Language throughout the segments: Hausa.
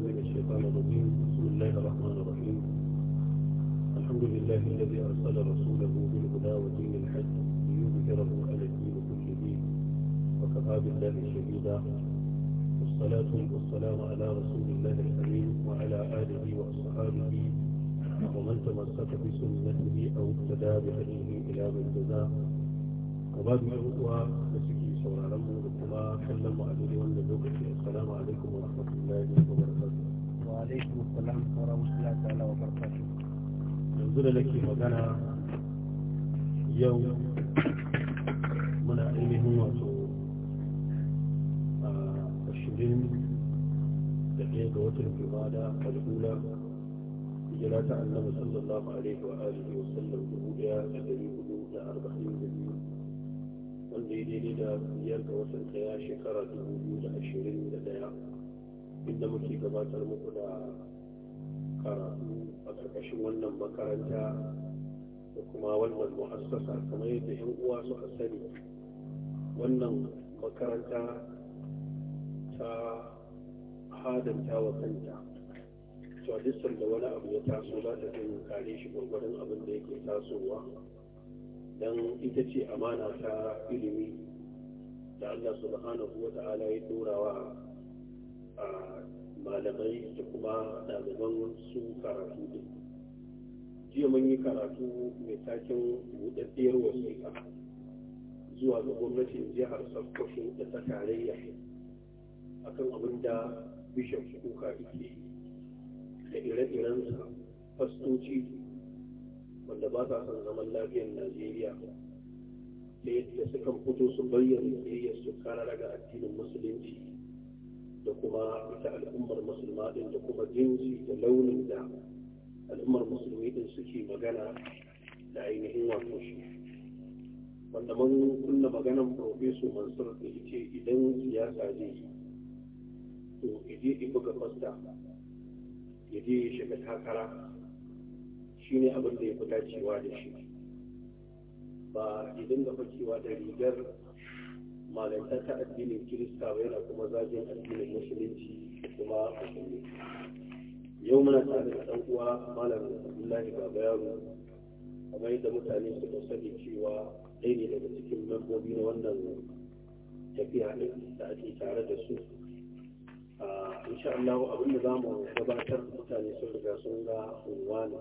من الشيطان الرجيم بسم الله الرحمن الرحيم الحمد لله الذي أرسل رسوله بالهدى ودين الحج ليظهره على الدين كله وكفى بالله شهيدا والصلاة والسلام على رسول الله الكريم وعلى آله وأصحابه ومن تمسك بسنته أو اقتدى بهديه إلى من جزاه yanzu da nake magana yau muna ainihin wato a ashirin da ɗaya ga watan jumada al'ula hijira ta annabi sallallahu alaihi a alihi wa sallam dubu ɗaya da ɗari hudu da arba'in da biyu wanda ya daidai da biyar ga watan daya shekara dubu biyu da ashirin da daya inda muke gabatar muku da karatu a ƙarƙashin wannan makaranta da kuma wannan mu'assasa kamar yadda 'yan uwa suka sani wannan makaranta ta hadanta wa kanta cewa duk da wani abu ya taso za ta kare shi gwargwaron abin da yake tasowa dan ita ce amana ta ilimi da Allah subhanahu wa ta'ala ya turawa a malamai da kuma ɗaliban su karatu din jiya mun yi karatu mai taken buɗaɗɗiyar wasiƙa zuwa ga gwamnatin jihar sokoto da ta tarayya akan abin da bishop kuka ike da ire-irensa fastoci wanda ba sa son zaman lafiyar najeriya da yadda suka fito su bayyana kiyayyar su kara daga addinin musulunci da kuma ita al'ummar musulma din da kuma jinsi da launin da al'ummar musulmi din suke magana da ainihin wato shi wanda mun kunna maganan profeso mansur da ce idan siyasa zai yi to ije ibi fasta ya je ya shiga takara shi ne abin da ya fi dacewa da shi ba idan da fakewa da rigar malanta ta addinin kirista ba yana kuma zagin addinin musulunci kuma musulunci yau muna tare da ɗan uwa malam abdullahi baba yaro kamar yadda mutane suka sani cewa ɗaya ne daga cikin membobi na wannan tafiya ne da ake tare da su ah, insha Allah abin da za mu gabatar da mutane sun riga sun ga unwani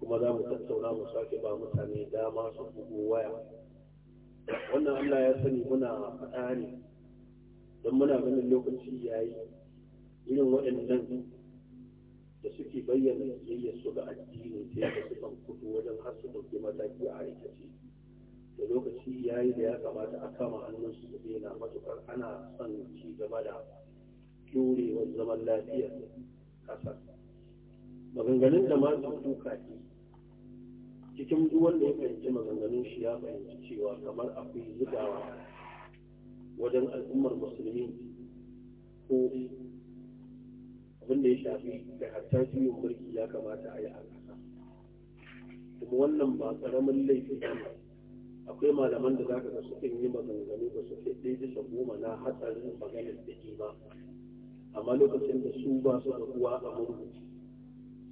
kuma za mu tattauna mu sake ba mutane dama su bugu waya wannan allah ya sani muna faɗa ne don muna ganin lokaci ya yi irin waɗannan da suke bayyana yayya su ga addini sai da sukan kudu wajen har su ɗauki mataki a aikace da lokaci ya yi da ya kamata a kama hannun su da daina matuƙar ana son ci gaba da ɗorewar zaman lafiyar ƙasar. maganganun da malam kuka ne cikin duk wanda ya fahimci maganganun shi ya fahimci cewa kamar akwai zugawa wajen al'ummar musulmi ko abin ya shafi da hatta juyin mulki ya kamata a yi a kuma wannan ba ƙaramin laifi akwai malaman da za ka ga sukan yi maganganu ba su fi bisa goma na hatsarin maganar da ba amma lokacin da su ba su da uwa a murmuci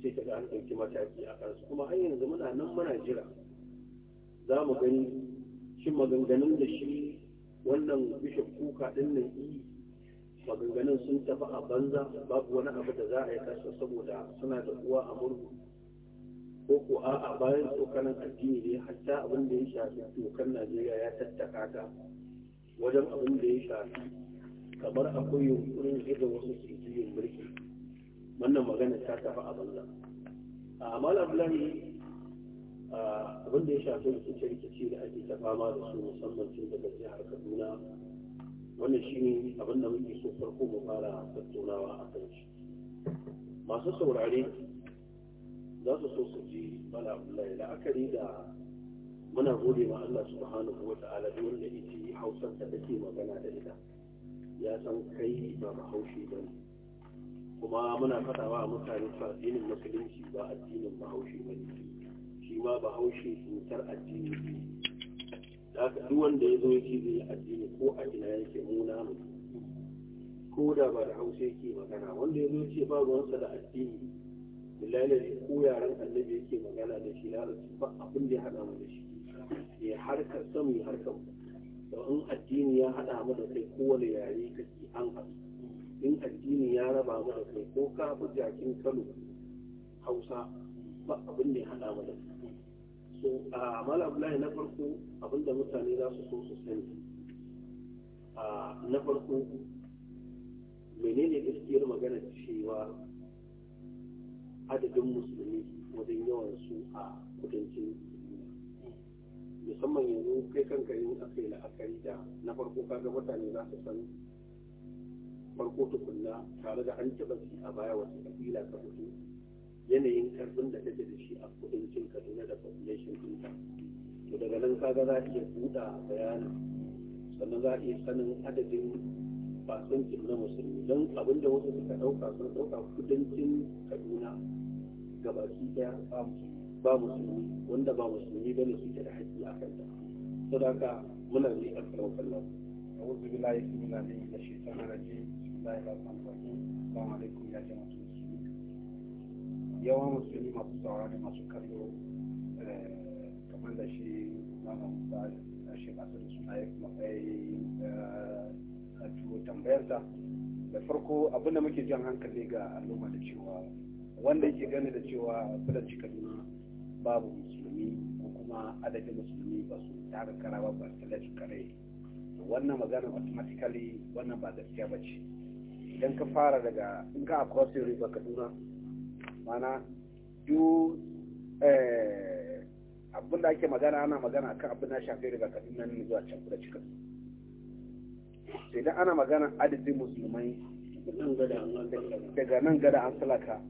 sai ta ga an ɗauki mataki a kansu kuma har yanzu muna nan muna jira za mu gani shi maganganun da shi wannan bishop kuka ɗin nan yi maganganun sun tafi a banza babu wani abu da za a yi kasa saboda suna da uwa a murhu ko ko a bayan tsokanin addini ne hatta abin da ya shafi dokar najeriya ya tattaka ta wajen abin da ya shafi kamar akwai yunkurin gida wasu ke mulki wannan magana ta tafi a banza a amal abin da ya shafi cikin rikici da ake ta fama da su musamman tun daga jihar kaduna wannan shi ne abin muke so farko mu fara tattaunawa a kan shi masu saurare za su so su ji malabulani la'akari da muna gode ma Allah subhanahu wa ta'ala da wanda ita hausar da take magana da ita ya san kai ba bahaushe ba ne kuma muna fadawa a mutane su addinin musulunci ba addinin bahaushe ba ne shi ma bahaushe cutar addini ne ka duk wanda ya zo ya ce zai addini ko a ina yake muna mu ko da ba da hausa yake magana wanda ya zo ya ce ba ruwansa da addini ne ko yaran annabi yake magana da shi su ba abin da ya haɗa mu da shi ya harkar samu harkar mu in addini ya haɗa mu da kai kowane yare kake an haɗu in addini ya raba mu da kai ko ka bi jakin kano hausa ba abin da ya hada mu da so a mala na farko abin da mutane za su so su sani na farko menene gaskiyar magana cewa adadin musulmi wajen yawan su a kudancin musamman yanzu kai kanka yin aka yi la'akari da na farko kaga mutane za su san farko tukunna tare da an taɓa shi a baya wata kabila ka fito yanayin karfin da take da shi a kudancin kaduna da population ɗinka to daga nan kaga za a iya buɗa bayanin sannan za a iya sanin adadin fasantin na musulmi don abin da wasu suka ɗauka sun ɗauka kudancin kaduna baki ɗaya ba musulmi wanda ba musulmi ba ne suke da haƙƙi a kanta saboda haka muna ne a karan kallon. أعوذ بالله من الشيطان الرجيم bismillahi rahman rahim assalamu alaikum masu saurara da masu kallo da farko abinda muke jan hankali ga al'umma da cewa wanda yake gani da cewa kudanci kaduna babu musulmi ko kuma adadin musulmi ba su tara kara ba ba su kare wannan magana automatically wannan ba gaskiya ba ce idan ka fara daga in ka across the river kaduna mana duk eh, abin da ake magana ana magana kan abin da shafi daga kaduna ne zuwa can kuda cikin sai idan ana magana adadin musulmai daga nan gada an salaka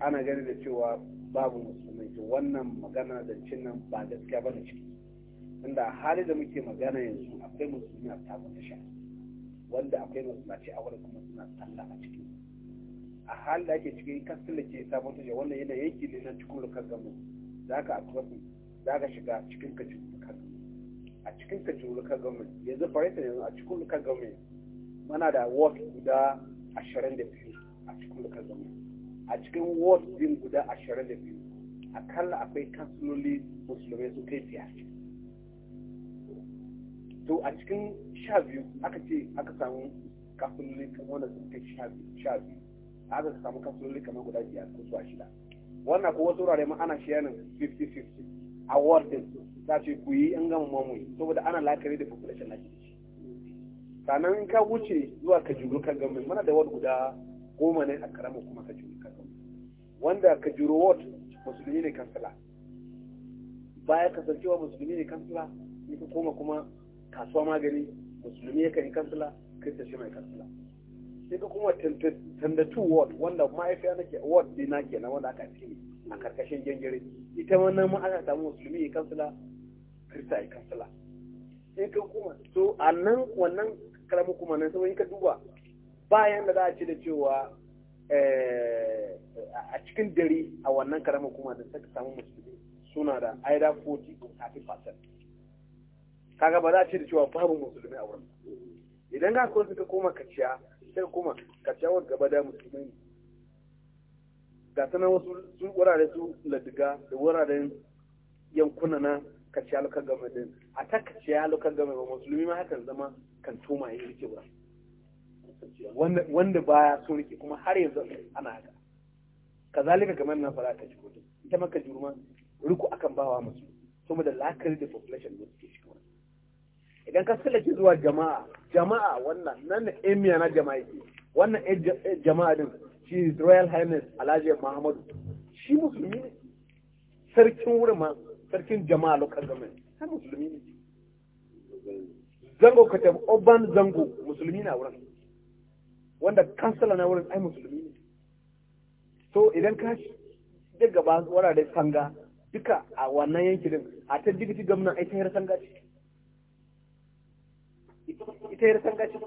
ana gani da cewa babu musulmai to wannan magana da cin nan ba gaskiya ba ne ciki inda hali da muke magana yanzu akwai musulmi a tabon da shafi wanda akwai masallaci a wurin kuma suna sallah a ciki a halin da ake cikin kastin da ke sabon tashi wannan yana yanki ne na cikin rukar gamu za ka akwai za ka shiga cikin ka cikin rukar gamu a cikin ka cikin rukar gamu yanzu farisa yanzu a cikin rukar gamu mana da ward guda ashirin da biyu a cikin rukar gamu a cikin ward din guda ashirin da biyu akalla akwai kansiloli musulmai su kai biyar to a cikin sha biyu aka ce aka samu kafin wanda sun kai sha biyu aka samu kafin kamar guda biyar ko zuwa shida wannan ko wasu wurare ma ana shiyanin 50-50 a world za su yi kuyi an gama mamuyi saboda ana lakari da population na shi sannan in ka wuce zuwa kajuru kan gami mana da ward guda goma ne a karamin kuma kajuru kan gami wanda kajuru ward musulmi ne kansila baya kasancewa musulmi ne kansila in ka koma kuma kasuwa magani musulmi ya kan yi kansila kirista shi mai kansula sai ka kuma tandatu ward wanda ma'aifiya nake ward dina kenan wanda aka cire a karkashin gengere ita nan ma aka samu musulmi ya kansula kirista ya kansila sai ka kuma so a nan wannan karamu kuma nan saboda ka duba bayan da za a ce da cewa eh, a cikin dare a wannan karamin kuma da suka samu musulmi suna da aida 40 ko 30 percent kaga ba za a ce da cewa babu musulmi a wurin idan ka kawai suka koma kaciya sai koma kaciya wani gaba da musulmi ga sanar wasu sun wurare su ladiga da wuraren yankuna na kaciya lokacin gama din a ta kaciya lokacin gama ba musulmi ma hakan zama kan toma ya rike ba wanda baya so rike kuma har yanzu ana haka ka kazalika kamar na fara ta jiko ita maka jurma ruku akan bawa musu saboda lakari da population da suke shi wani idan ka sallake zuwa jama'a jama'a wannan nan emiya na jama'a yake wannan eh, eh, jama'a din shi royal highness alhaji muhammadu shi musulmi ne sarkin wurin ma sarkin jama'a local government har musulmi ne zango ka tafi oban zango musulmi na wurin wanda kansala na wurin ai musulmi ne so idan ka daga ba wurare sanga duka a wannan yankin a ta digiti gwamnan ai ta sanga ce ita yar gashi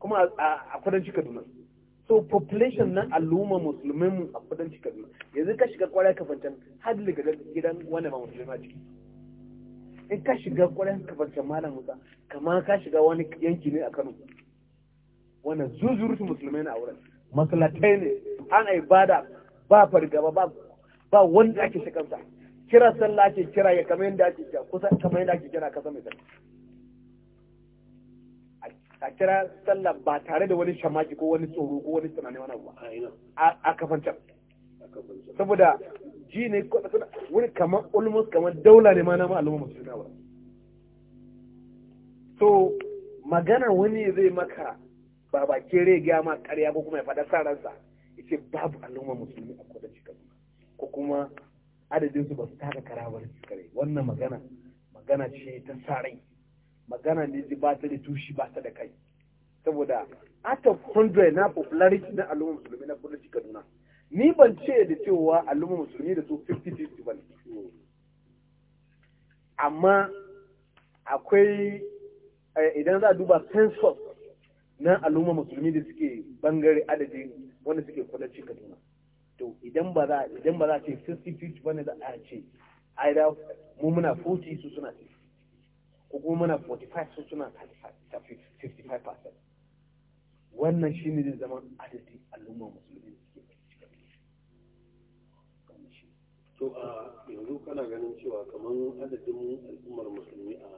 kuma a kudanci kaduna so population na al'umma musulmin mu a kudanci kaduna yanzu ka shiga kwarai ka fantan har daga gidan wanda ba musulmi a ciki in ka shiga kwarai ka fantan malam musa kama ka shiga wani yanki ne a kano wannan zuzurutu musulmai na auren masalatai ne an ibada ba fargaba ba ba wanda ake shigansa kira sallah ke kira ya kamar yadda ake kira kusa kamar yadda ake kira kasa mai tsarki a kira sallah ba tare da wani shamaki ko wani tsoro ko wani tunanin wani ba a kafancan saboda ji ne wani kamar ulmus kamar daula ne ma na ma'alumma masu ba so magana wani zai maka ba ba rai gaya ma karya ko kuma ya faɗa sa ransa babu al'umma musulmi a shi kasu ko kuma adadinsu ba su taka karawar shi su kare wannan magana magana ce ta sa rai magana ne ji ba ta da tushi ba ta da kai saboda out of 100 na popularity na al'umma musulmi na kudanci kaduna ni ban ce da cewa al'umma musulmi da su 50-50 ba amma akwai eh, idan za a duba census na al'umma musulmi da suke bangare adadin wanda suke kudanci kaduna to idan ba za a ce 50-50 ne za a ce aida da mu muna 40 su suna 50 ko kuma muna 45 su suna 55 percent wannan shi ne zama adadi al'umma musulmi da suke to a yanzu kana ganin cewa kamar adadin al'ummar musulmi a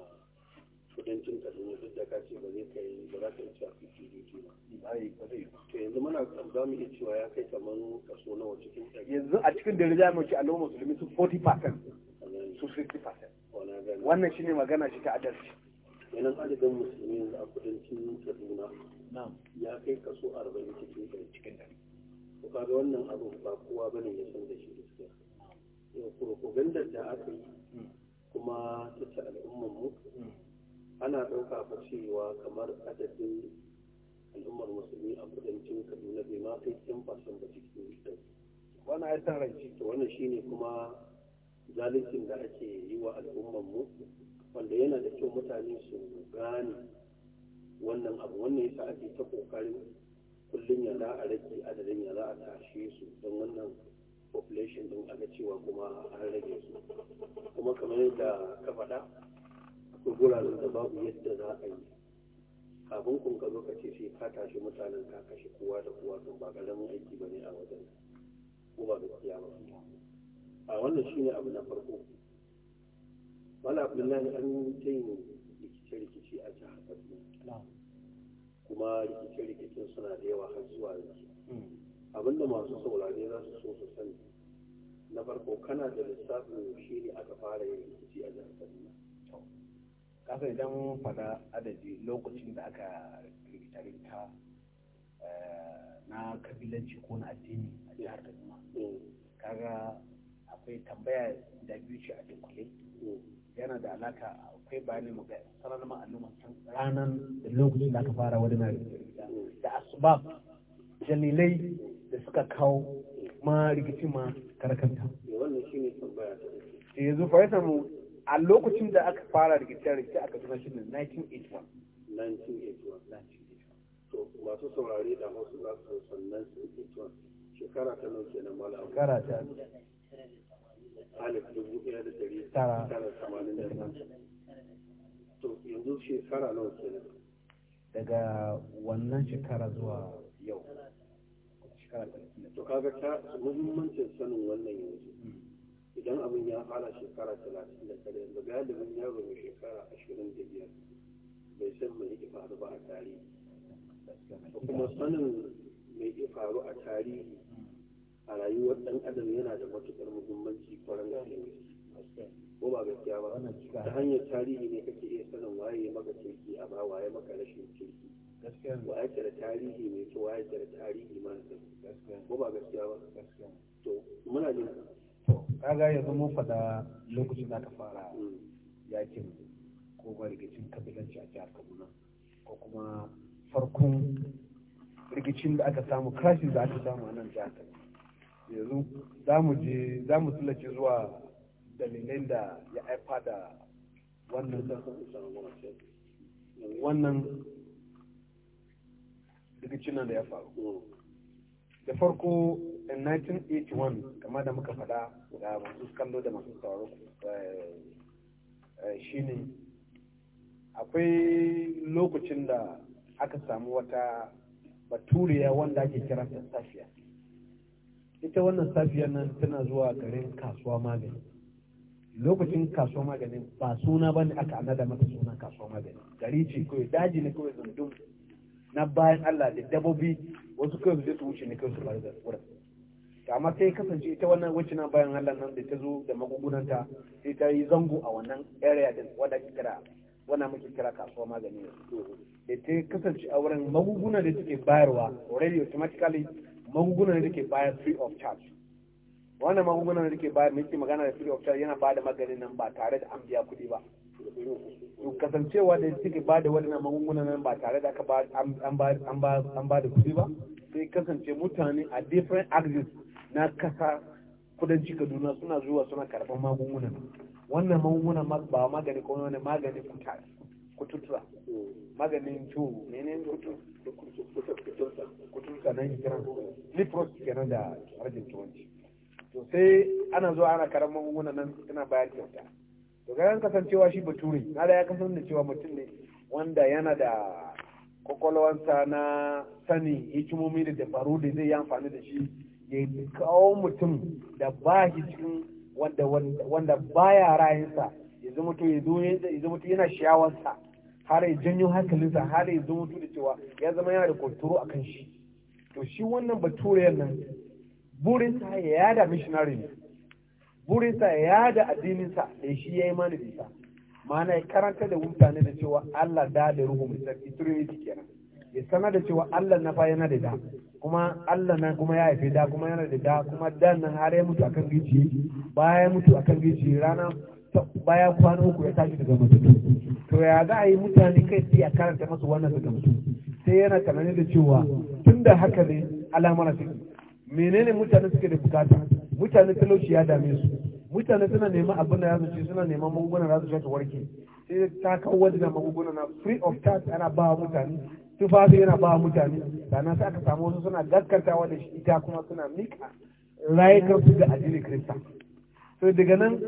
kudancin kaduna duk da kace ba zai kai ba za ka iya cewa fifty duty ba to yanzu muna za mu iya cewa ya kai kamar kaso nawa cikin yanzu a cikin da rija mu ci al'ummar musulmi su 40 percent su 50 percent wannan shine magana shi ta adalci yanan adadin musulmi a kudancin kaduna ya kai kaso arba'in cikin ɗari cikin ɗari ko kaga wannan abu ba kowa bane ya san da shi gaskiya yau propagandar da aka yi hmm. kuma ta ci al'ummar mu hmm. ana ɗauka fa cewa kamar adadin al'ummar musulmi a kudancin kaduna bai ma kai 10% ba cikin ɗari wannan ya san kuma zalincin da ake yi wa al'ummanmu wanda yana da kyau mutane su gane wannan abu wannan yasa ake ta kokarin kullum ya za a rage adadin ya za a tashe su don wannan population din aga cewa kuma an rage su kuma kamar yadda ka faɗa akwai guraren da babu yadda za a yi kafin kun ka zo ka ce sai ka tashi mutanen ka kashe kowa da kowa to ba ƙaramin aiki ba ne a wajen ko ba gaskiya ba a wannan shi ne abu na farko abu na an ta rikice-rikice a jihar kaduna kuma rikice-rikicen suna da yawa har zuwa yanzu hmm. abinda masu saurare za su so su sani na farko kana da lissafin shi ne aka fara yin rikici a jihar kaduna kasa idan fada adadi lokacin da aka rikita-rikita eh, na kabilanci ko na addini a jihar hmm. kaduna kaga akwai tambaya da biyu ce a dunkule yana da alaka akwai bayanin mu ga sanar ma'alluman can ranar da lokaci da aka fara wani mai da asbab jalilai da suka kawo ma rikici ma karkanta yanzu fahimta mu a lokacin da aka fara rikicin rikici aka zama shi ne 1981 masu saurari da masu lafi sannan su ke shekara ta nan kenan malam shekara ta alif dubu ɗaya da ɗari tara tamanin da to yanzu shekara nawa kenan daga wannan shekara zuwa yau shekara to kaga ta muhimmancin sanin wannan yanzu hmm. idan abin ya fara shekara talatin da tare da galibin yaro mai shekara ashirin da biyar bai san mai yake faru ba a tarihi kuma sanin mai yake faru a tarihi a rayuwar ɗan adam yana da matuƙar muhimmanci kwaran gaske ko ba gaskiya ba ta hanyar tarihi ne kake iya sanin waye maka kirki a ba waye maka rashin kirki waye ke da tarihi mai kyau waye ke da tarihi ma kyau ko ba gaskiya ba to muna jin to kaga yanzu mun faɗa lokacin da aka fara mm. yakin ko ba rigicin kabilanci a jihar kaduna ko kuma farkon rikicin da aka samu crashin da aka samu a nan jihar kaduna yanzu za mu je za mu tsallake zuwa dalilin da ya haifa da wannan wannan cinan da ya faru da farko in 1981 kama da muka faɗa da masu kallo da masu sauraro eh, eh, ne akwai lokacin da aka samu wata baturiya wanda ake kira ta safiya ita wannan safiyar nan tana zuwa garin kasuwa magani lokacin kasuwa magani ba suna ba ne aka anada mata suna kasuwa magani gari ce kawai daji ne kawai zandum na bayan Allah da dabobi wasu kawai su su wuce ne kawai su bari da wurin ta amma sai kasance ita wannan wacce na bayan Allah nan da ta zo da magungunanta sai ta yi zango a wannan area da wanda kira wannan muke kira kasuwa magani da ta kasance a wurin magunguna da take bayarwa already automatically magungunan da ke bayar free of charge wannan magungunan da ke bayar muke magana da free of charge yana bada maganin nan ba tare da an biya kuɗi ba to kasancewa da suke bada waɗannan magungunan nan ba tare da aka an ba da kuɗi ba sai kasance mutane a different axis na kasa kudanci kaduna suna zuwa suna karɓar magungunan wannan magungunan ba magani ko wani magani kuta kututuwa mm. maganin menen menene kututuwa nan kiran mm. lipros kenan da harajin tuwanci to sai ana zuwa ana karan magunguna nan suna bayar kyauta to ga kasancewa shi bature na da ya kasan da cewa mutum ne wanda yana da kwakwalwansa na sani hikimomi da dabaru da zai yi amfani da shi ya kawo mutum da ba shi cikin wanda baya rayinsa ya zama to ya zo yana shawarsa har ya janyo hankalinsa har ya zo mutu da cewa ya zama yana da kwantoro a kan shi to shi wannan bature nan burinsa ya yada missionary ne burinsa ya yada addininsa da eh, shi ya yi mana bisa ma'ana ya karanta da mutane da cewa Allah da da ruhu mai sarki trinity kenan ya sana da cewa Allah na fa yana da da kuma Allah na kuma ya haife da kuma yana da da kuma dan nan har ya mutu akan gici baya ya mutu akan gici rana baya kwana uku ya tashi daga matattu to ya za a yi mutane kai sai a karanta masu wannan daga mutum sai yana tunanin da cewa tun da haka ne alamar ciki menene mutane suke da bukata mutane talauci ya dame su mutane suna neman abin da ya su suna neman magungunan da za su warke sai ta kawo wajen magungunan na free of charge ana ba mutane tufafi yana ba mutane sannan sai aka samu wasu suna gaskantawa da shi ita kuma suna mika rayukansu ga addinin kirista to daga nan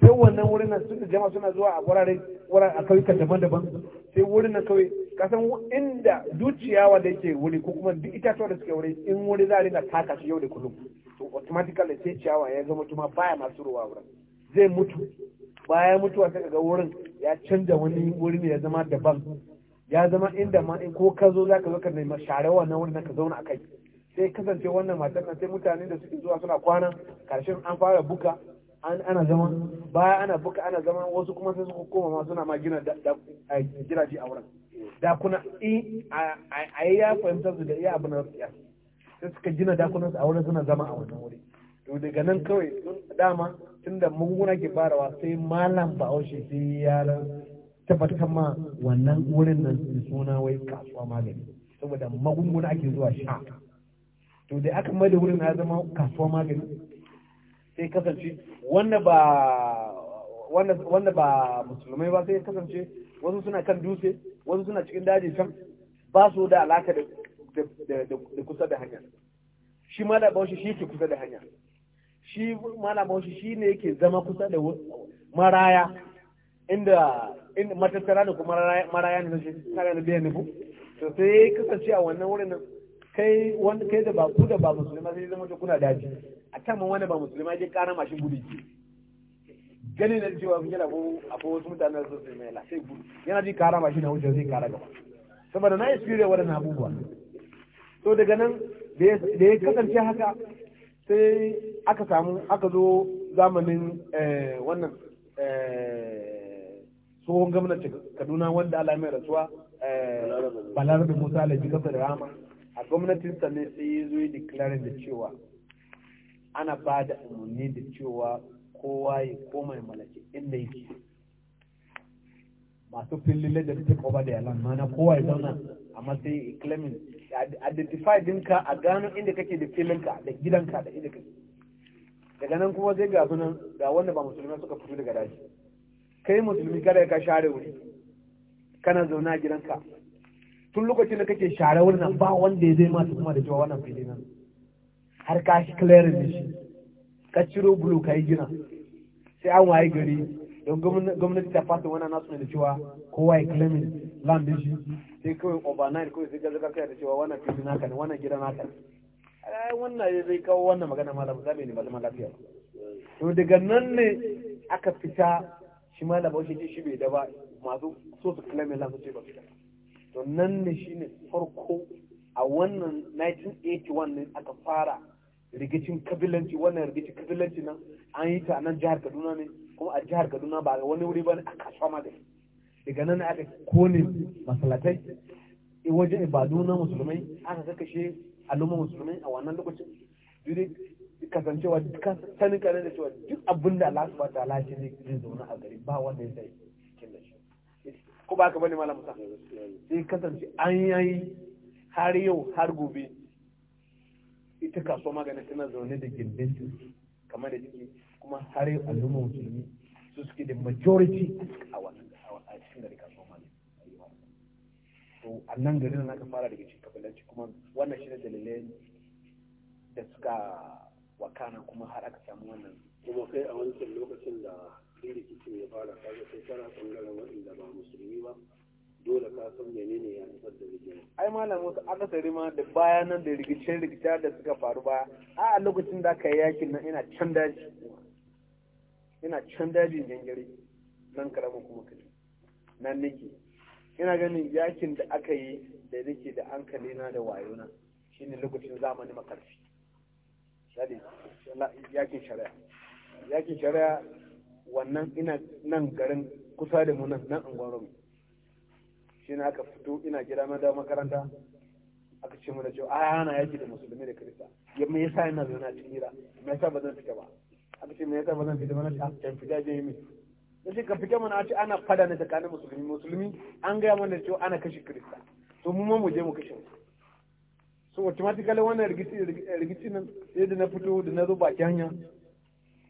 sai wannan wurin nan suka jama suna zuwa a wurare wurare a kauyuka daban-daban sai wurin nan kawai kasan inda dukiyawa da yake wuri ko kuma duk itatuwa da suke wuri in wuri za a rika taka shi yau da kullum to automatically sai ciyawa ya zama tuma baya masu ruwa wurin zai mutu baya mutuwa sai ga wurin ya canja wani wuri ne ya zama daban ya zama inda ma in ko ka zo za ka zo ka nema share wannan wurin ka zauna a kai sai kasance wannan matar sai mutane da suke zuwa suna kwana karshen an fara buka ana zaman baya ana buka ana zaman wasu kuma sai suka koma ma suna ma gina gidaje a wurin dakuna a yi ya fahimtar su da iya abin da ya sai suka gina dakunan su a wurin suna zama a wannan wuri to daga nan kawai dama tunda munguna ke farawa sai malam bahaushe sai ya tabbatar ma wannan wurin nan suna wai kasuwa magani saboda magunguna ake zuwa sha to da aka mai da wurin ya zama kasuwa magani sai kasance wanda ba wanda ba musulmai ba sai kasance wasu suna kan dutse wasu suna cikin daji can ba su da alaka da kusa da hanya shi malam bahaushe shi ke kusa da hanya shi malam bahaushe shi ne yake zama kusa da maraya inda inda matattara da kuma maraya ne shi kare da biyan nufu to sai kasance a wannan wurin kai wanda kai da ba ku da ba musulmai sai zama kuna daji a kan wani ba musulma ya je ƙara mashin gudu ke ganin da cewa kun yana akwai wasu mutanen da su mai sai gudu yana ji ƙara mashin na wuce zai ƙara gaba saboda na experience waɗannan abubuwa to daga nan da ya kasance haka sai aka samu aka zo zamanin eh, wannan eh, tsohon gwamnatin kaduna wanda ala mai rasuwa da eh, musa Laifi, kasa da rama a gwamnatin sa ne sai ya zo yi da cewa ana ba da umarni da cewa kowa ya koma ya malaki inda yake masu fillile da take koba da yalan mana kowa ya zauna a matsayin claiming identify dinka a gano inda kake da filinka da gidanka da inda kake daga nan kuma zai ga sunan ga wanda ba musulmi suka fito daga daji kai musulmi kada ka share wuri kana zauna a gidanka tun lokacin da kake share wurin nan ba wanda ya zai ma kuma da cewa wannan filin nan har ka shi da shi ka ciro bulu ka yi gina sai an waye gari don gwamnati ta fata wani nasu da cewa kowa ya kilomin land shi sai kawai overnight kawai sai gaza kai da cewa wannan fili naka ne wannan gida naka ne wannan ya zai kawo wannan magana malam zabe ne ba zama lafiya ba to daga nan ne aka fita shi malam ba shi shi bai da ba masu so su claiming land su ce ba fita to nan ne shine farko a wannan 1981 ne aka fara rigicin kabilanci wannan rigicin kabilanci nan an yi ta a nan jihar kaduna ne kuma a jihar kaduna ba wani wuri ba ne a kasuwa ma gari daga nan aka kone masalatai e wajen ibadu na musulmai aka kakashe al'umma musulmai a wannan lokacin duk kasancewa duka sanin kanin da cewa duk abin da Allah subhanahu ta'ala shi ne zai zauna a gari ba wanda ya sai cikin da shi ko ba ka bane malam musa eh, sai kasance an yayi har yau har gobe ita kasuwa magana tana zaune da gindinta kamar da ciki, kuma har yau al'umma musulmi su suke da majority a wannan a cikin gari kasuwa magana to a nan garin na ka fara daga cikin kabilanci kuma wannan shi ne dalilai da suka wakana kuma har aka samu wannan kuma kai a wancan lokacin da rikicin ya fara kaga sai kana bangaren waɗanda ba musulmi ba dole ka san menene ya haifar da rigima ai malam wasu akasari ma da bayanan da rikicin rikicin da suka faru ba a lokacin da aka yi yakin nan ina can daji ina can dajin jangare nan karamin kuma kaji nan nake ina ganin yakin da aka yi da nake da hankali na da wayo shi shine lokacin zamani makarfi yakin shari'a yakin shari'a wannan ina nan garin kusa da mu nan nan an gwaro mu shi ne aka fito ina gida na da makaranta aka ce mana cewa a ana yaki da musulmi da kirista ya me yasa ina zaune cikin gida me yasa ba zan fita ba aka ce me yasa ba zan fita ba na ce a ah, fita je mi na ce ka fita mana a ce ana fada na tsakanin musulmi musulmi an gaya mana cewa ana kashe kirista to mu ma mu je mu kashe su so automatically wannan rigici nan sai da na fito da na zo baki hanya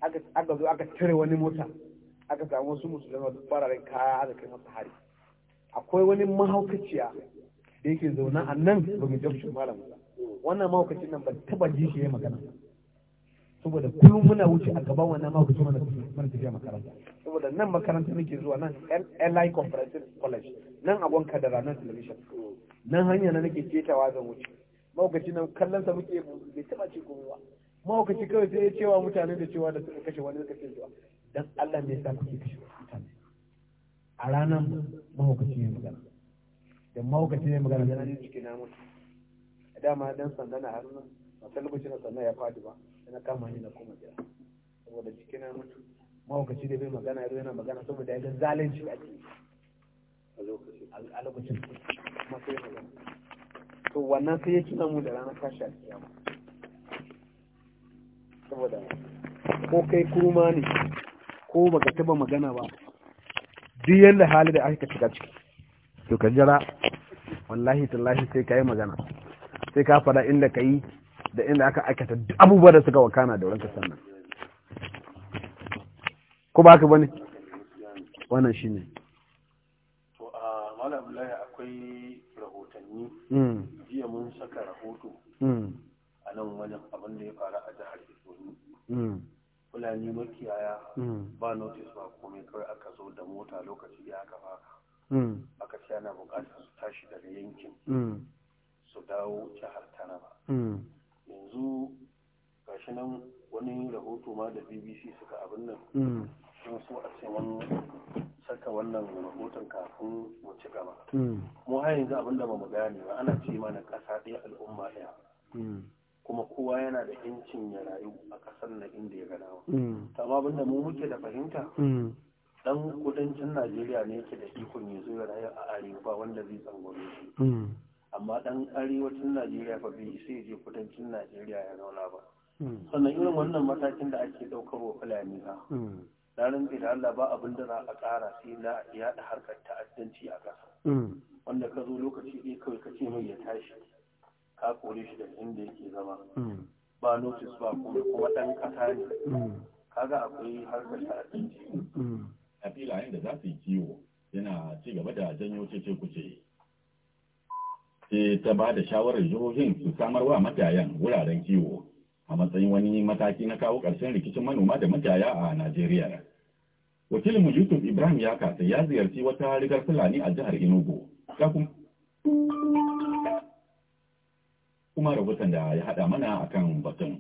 aka zo aka cire wani mota aka samu wasu musulman fararen kaya aka kai masu hari akwai wani mahaukaciya da yake zaune a nan domin jamshin malam wannan mahaukacin nan ba taba ji shi ya magana saboda kullum muna wuce a gaban wannan mahaukacin mana mana tafiya makaranta saboda nan makaranta nake zuwa nan LI Conference College nan a gwanka da ranar television nan hanya na nake ketawa zan wuce mahaukacin nan kallon sa muke bai taba ce ba mahaukaci kawai sai ya cewa mutane da cewa da suka kashe wani suka ce zuwa dan Allah me yasa kuke kashe a ranar mahaukaci ne magana da mahaukaci ne magana da nan jiki namun a dama dan sanda na harin a san lokacin da sanda ya fadi ba yana kama ni na kuma gida saboda jiki namun mutu mahaukaci da bai magana ya yana magana saboda ya ga zalunci ciki a lokacin kuma sai magana to wannan sai ya ci namun da ranar kashi a cikin kiyama saboda ko kai kuma ne ko baka taba magana ba duk yanda hali da aka shiga ciki to ka jira wallahi tallahi sai ka yi magana sai ka fada inda ka yi da inda aka aikata abubuwa da suka wakana da wurinka sannan ko ba ka bane wannan shi ne to a malabulai akwai rahotanni hmm. jiya mun saka rahoto hmm. a nan wajen abin da ya faru a jihar Ibrahim fulani makiyaya hmm. ba notice ba komai kawai aka zo da mota lokaci ya aka faka hmm. aka ce ana bukatar su tashi daga yankin hmm. su dawo jihar taraba yanzu gashi nan wani rahoto ma da bbc suka abin nan sun so a ce wani saka wannan rahoton kafin mu ci gaba mu har yanzu abin da ba mu gane ba ana ce mana kasa ɗaya al'umma ɗaya kuma kowa yana da yancin ya rayu a ƙasar na inda ya gana mm. ta amma abinda mu muke da fahimta mm. ɗan kudancin najeriya ne yake da ikon ya zo ya rayu a arewa wanda zai tsangwame shi mm. amma ɗan arewacin najeriya fa bai sai je kudancin najeriya ya zauna ba sannan irin wannan matakin da ake ɗaukar wa fulani ba na ran da Allah ba abin da za a ƙara sai na yaɗa harkar ta'addanci a ƙasa wanda ka zo lokaci ɗaya kawai ka ce mai ya tashi ka kore shi daga inda yake zama mm. ba notis ba kuma kuma ɗan ƙasa ne mm. kaga akwai harkar ta'addanci a filayen mm. da za su yi kiwo yana ci gaba da janyo cece kuce sai ta ba da shawarar jihohin su samar wa matayan wuraren kiwo a matsayin wani mataki na kawo ƙarshen rikicin manoma da mataya a Najeriya. Wakilinmu Yusuf Ibrahim ya kasa ya ziyarci wata rigar Fulani a jihar Enugu. kuma rahoton da ya haɗa mana akan batun.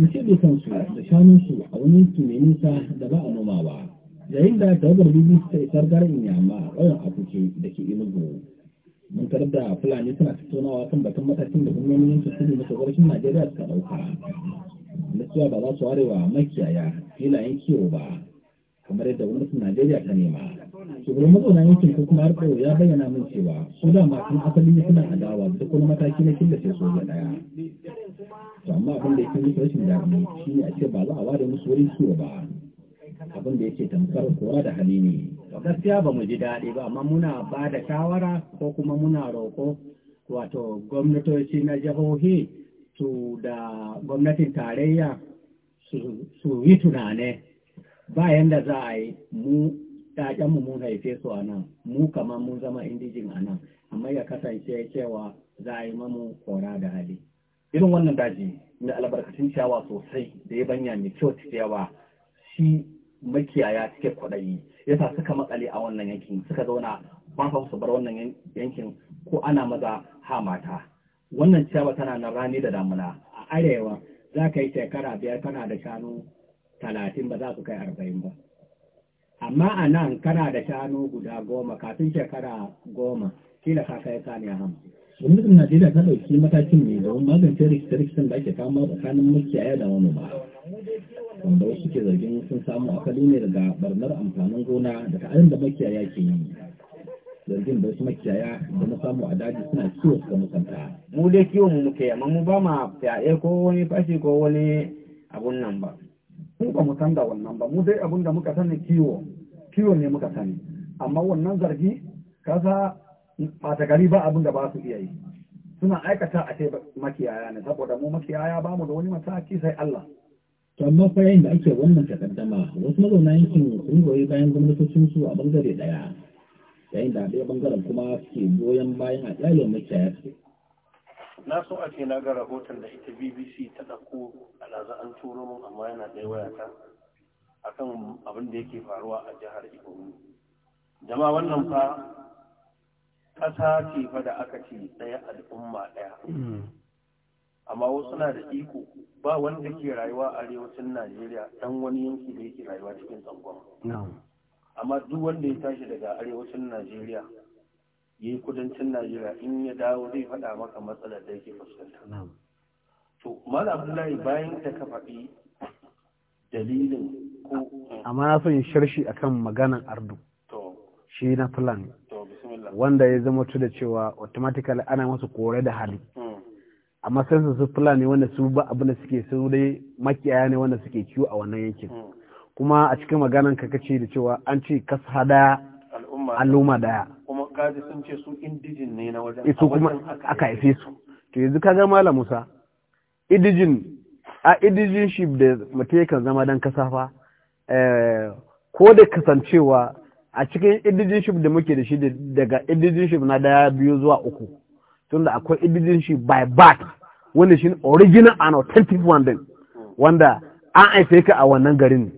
Mace da su da shanunsu a wani mai nisa da ba a noma ba, yayin da tawagar bibi ta isar garin yamma a ƙauyen Abuja da ke Enugu. Mun da Fulani suna tattaunawa kan batun matakin da gwamnonin su kudu masu ƙarshen Najeriya suka ɗauka. Da cewa ba za su ware wa makiyaya filayen kiwo ba, kamar yadda gwamnatin Najeriya ta nema. shugaban matsalan yankin ko kuma harkar ya bayyana mun cewa su da masu asali suna adawa da kuma mataki na killace ga daya to amma abin da yake musu rashin shi ne a ce ba za a ware musu wurin kiwo ba abin da yake tamkar kora da hali ne gaskiya ba mu ji daɗi ba amma muna ba da shawara ko kuma muna roƙo wato gwamnatoci na jihohi su da gwamnatin tarayya su yi tunane bayan da za a yi mu mu mun haife su a nan, mu kamar mun zama indijin a nan, amma ya kasance cewa za a yi mamu kora da hali. Irin wannan daji na albarkatun ciyawa sosai da ya banya mai kyau ciyawa shi makiyaya cike kwaɗayi ya sa suka makale a wannan yankin suka zauna ba su bar wannan yankin ko ana maza ha mata. Wannan ciyawa tana na rani da damuna a arewa za ka yi shekara biyar tana da shanu talatin ba za su kai arba'in ba. amma a nan kana da shanu guda goma kafin shekara goma kila ka kai saniya hamsin gwamnatin najeriya ta ɗauki matakin ne domin magance rikice-rikicen da ake kama tsakanin makiyaya da ba. wanda wasu ke zargin sun samu asali ne daga barnar amfanin gona da ta'arin da makiyaya ke yi zargin da wasu makiyaya da na samu a daji suna kiwo suka musanta mu dai kiwon mu ke, amma mu ba ma fyaɗe ko wani fashi ko wani abun nan ba mu ba mu san da wannan ba mu dai abin da muka sani kiwo kiwo ne muka sani amma wannan zargi kasa ɓata gari ba abin da ba su iya yi suna aikata a ce makiyaya ne saboda mu makiyaya ba mu da wani mataki sai Allah to amma fa yayin da ake wannan takaddama wasu mazauna yankin sun goyi bayan gwamnatocin su a bangare daya yayin da a ɗaya bangaren kuma suke goyon bayan a ƙyalin makiyaya na so a ce na ga rahoton da ita bbc ta ɗauko alaza an turo min amma yana ɗaya wayata akan abin da yake faruwa a jihar ibomi jama'a wannan fa ƙasa ce fa da aka ce ɗaya al'umma ɗaya. Mm. Amma wasu na da iko ba wanda ke rayuwa a arewacin Najeriya ɗan wani yanki da yake rayuwa cikin tsangon. Amma duk wanda ya tashi daga arewacin Najeriya yi kudancin najeriya in ya dawo zai faɗa maka matsalar da yake fuskanta to mala abdullahi bayan ta ka faɗi dalilin ko amma na son sharshi akan maganan ardu shi na fulani wanda ya zama da cewa automatically ana masu kore da hali amma sai su fulani wanda su ba abin da suke su dai makiyaya ne wanda suke kiwo a wannan yankin hmm. kuma a cikin maganan ka kace da cewa an ce kas hadaya al'umma daya kaji sun ce su indijin ne na wajen eh, su kuma aka haife su to yanzu ga malam Musa indijin a indijin shi da mutum zama dan kasafa eh, ko da kasancewa a cikin indijin shi da muke da shi daga indijin shi na daya biyu zuwa uku tunda akwai shi by birth wanda shi original and authentic one din wanda an haife ka a wannan garin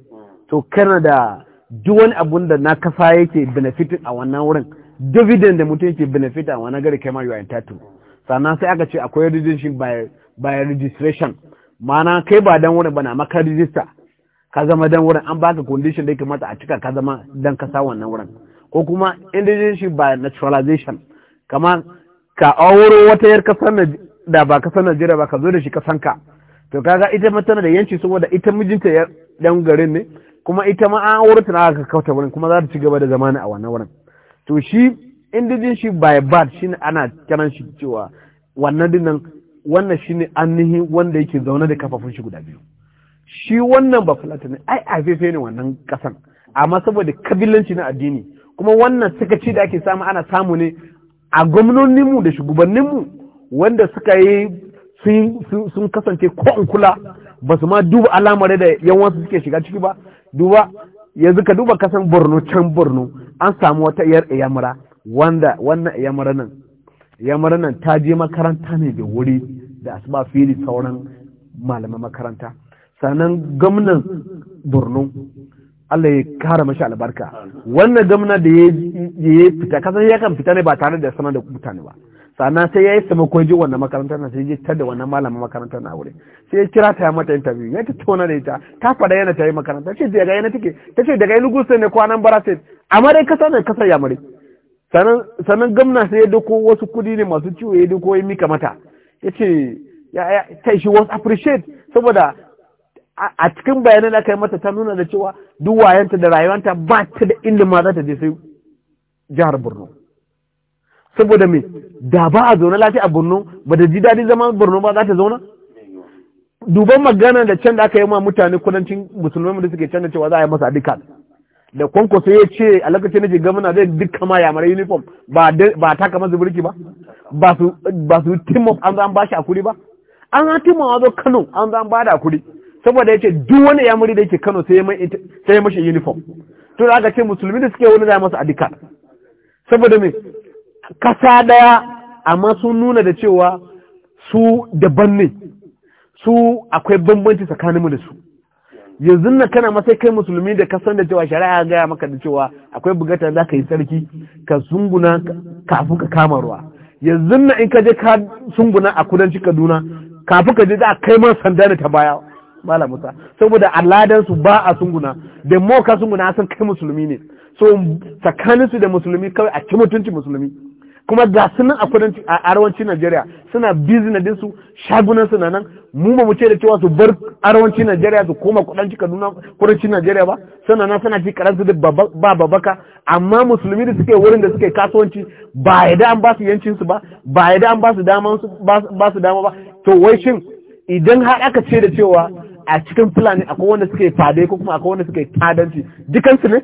to kana da duk wani abun da na kasa yake benefitin a wannan wurin dividend da mutum yake benefit a wani gari kai ma yi are entitled sannan sai aka ce akwai registration by by registration ma'ana kai ba dan wurin bana maka register ka zama dan wurin an baka condition da ya kamata a cika ka zama dan kasa wannan wurin ko kuma indigenship by naturalization kama ka auro wata yar kasar da ba kasar Najeriya ba ka zo da shi kasanka to kaga ita ma tana da yanci saboda ita mijinta dan garin ne kuma ita ma an auro ta na ka kauta wurin kuma za ta ci gaba da zamani a wannan wurin to shi indijin shi by shi shine ana kiran shi cewa wannan dinnan wannan shine ainihin wanda yake zaune da kafafun shi guda biyu shi wannan ba ne ai fefe ne wannan kasan amma saboda kabilanci na addini kuma wannan suka ci da ake samu ana samu ne a gwamnoninmu da shugabanninmu wanda suka yi sun kasance ko in kula ba su ma duba alamar da wasu suke shiga ciki ba duba yanzu ka duba kasan borno can borno an samu wata iyar iyamura wanda wannan iyamura nan iyamura nan ta je makaranta ne da wuri da asuba fili sauran malaman makaranta sannan gwamnan borno Allah ya kara mashi albarka wannan gwamna da ya fita kasan ya kan fita ne ba tare da sanar da mutane ba sannan sai ya yi sama ko wannan makarantar na sai je ta da wannan malamin makarantar na wuri sai ya kira ta ya mata interview ya ta tona da ita ta faɗa yana ta yi makaranta ce daga yana take ta ce daga Enugu sai ne kwanan bara sai amma dai kasa ne kasa ya mare sannan gwamna sai ya doko wasu kudi ne masu ciwo ya doko ya mika mata ya ce ya ta shi was appreciate saboda a cikin bayanan da aka yi mata ta nuna da cewa duk wayanta da rayuwanta ba ta da inda ma za ta je sai jihar Borno saboda me da ba a zaune lafiya a Borno ba da ji daɗin zama Borno ba za ta zauna duban magana da can da aka yi ma mutane kudancin musulmai da suke can da cewa za a yi masa dukkan da sai ya ce a lokacin nake gwamna zai dukkan ma yamar uniform ba ba kama zuburki ba ba su ba su team up an zan a kuri ba an ha team zo Kano an zan ba da kuri saboda ya ce duk wani yamuri da yake Kano sai ya mashi uniform to da aka ce musulmi da suke wani za a masa adika saboda me kasa ɗaya amma sun nuna da cewa su daban ne su akwai bambanci tsakaninmu da su yanzu na kana masai kai musulmi da ka da cewa shari'a gaya maka da cewa akwai bugata za ka yi sarki ka sunguna kafin ka kama ruwa yanzu na in ka je ka sunguna a kudanci kaduna kafin ka je za a kai man sanda da ta baya malam musa saboda aladan su ba a sunguna da mo ka sunguna san kai musulmi ne so tsakaninsu da musulmi kawai a ci mutunci musulmi kuma ga su nan a kudanci a arewacin Najeriya suna business din su shagunan su nan mu ba mu ce da cewa su bar arewacin Najeriya su koma kudanci Kaduna kudancin Najeriya ba suna nan suna ci karanta da ba babaka amma musulmi da suke wurin da suke kasuwanci ba ya da an ba su yancin su ba ba ya da an ba su dama ba su dama ba to wai shin idan har aka ce da cewa a cikin fulani akwai wanda suke fade ko kuma akwai wanda suke tadanci dukansu ne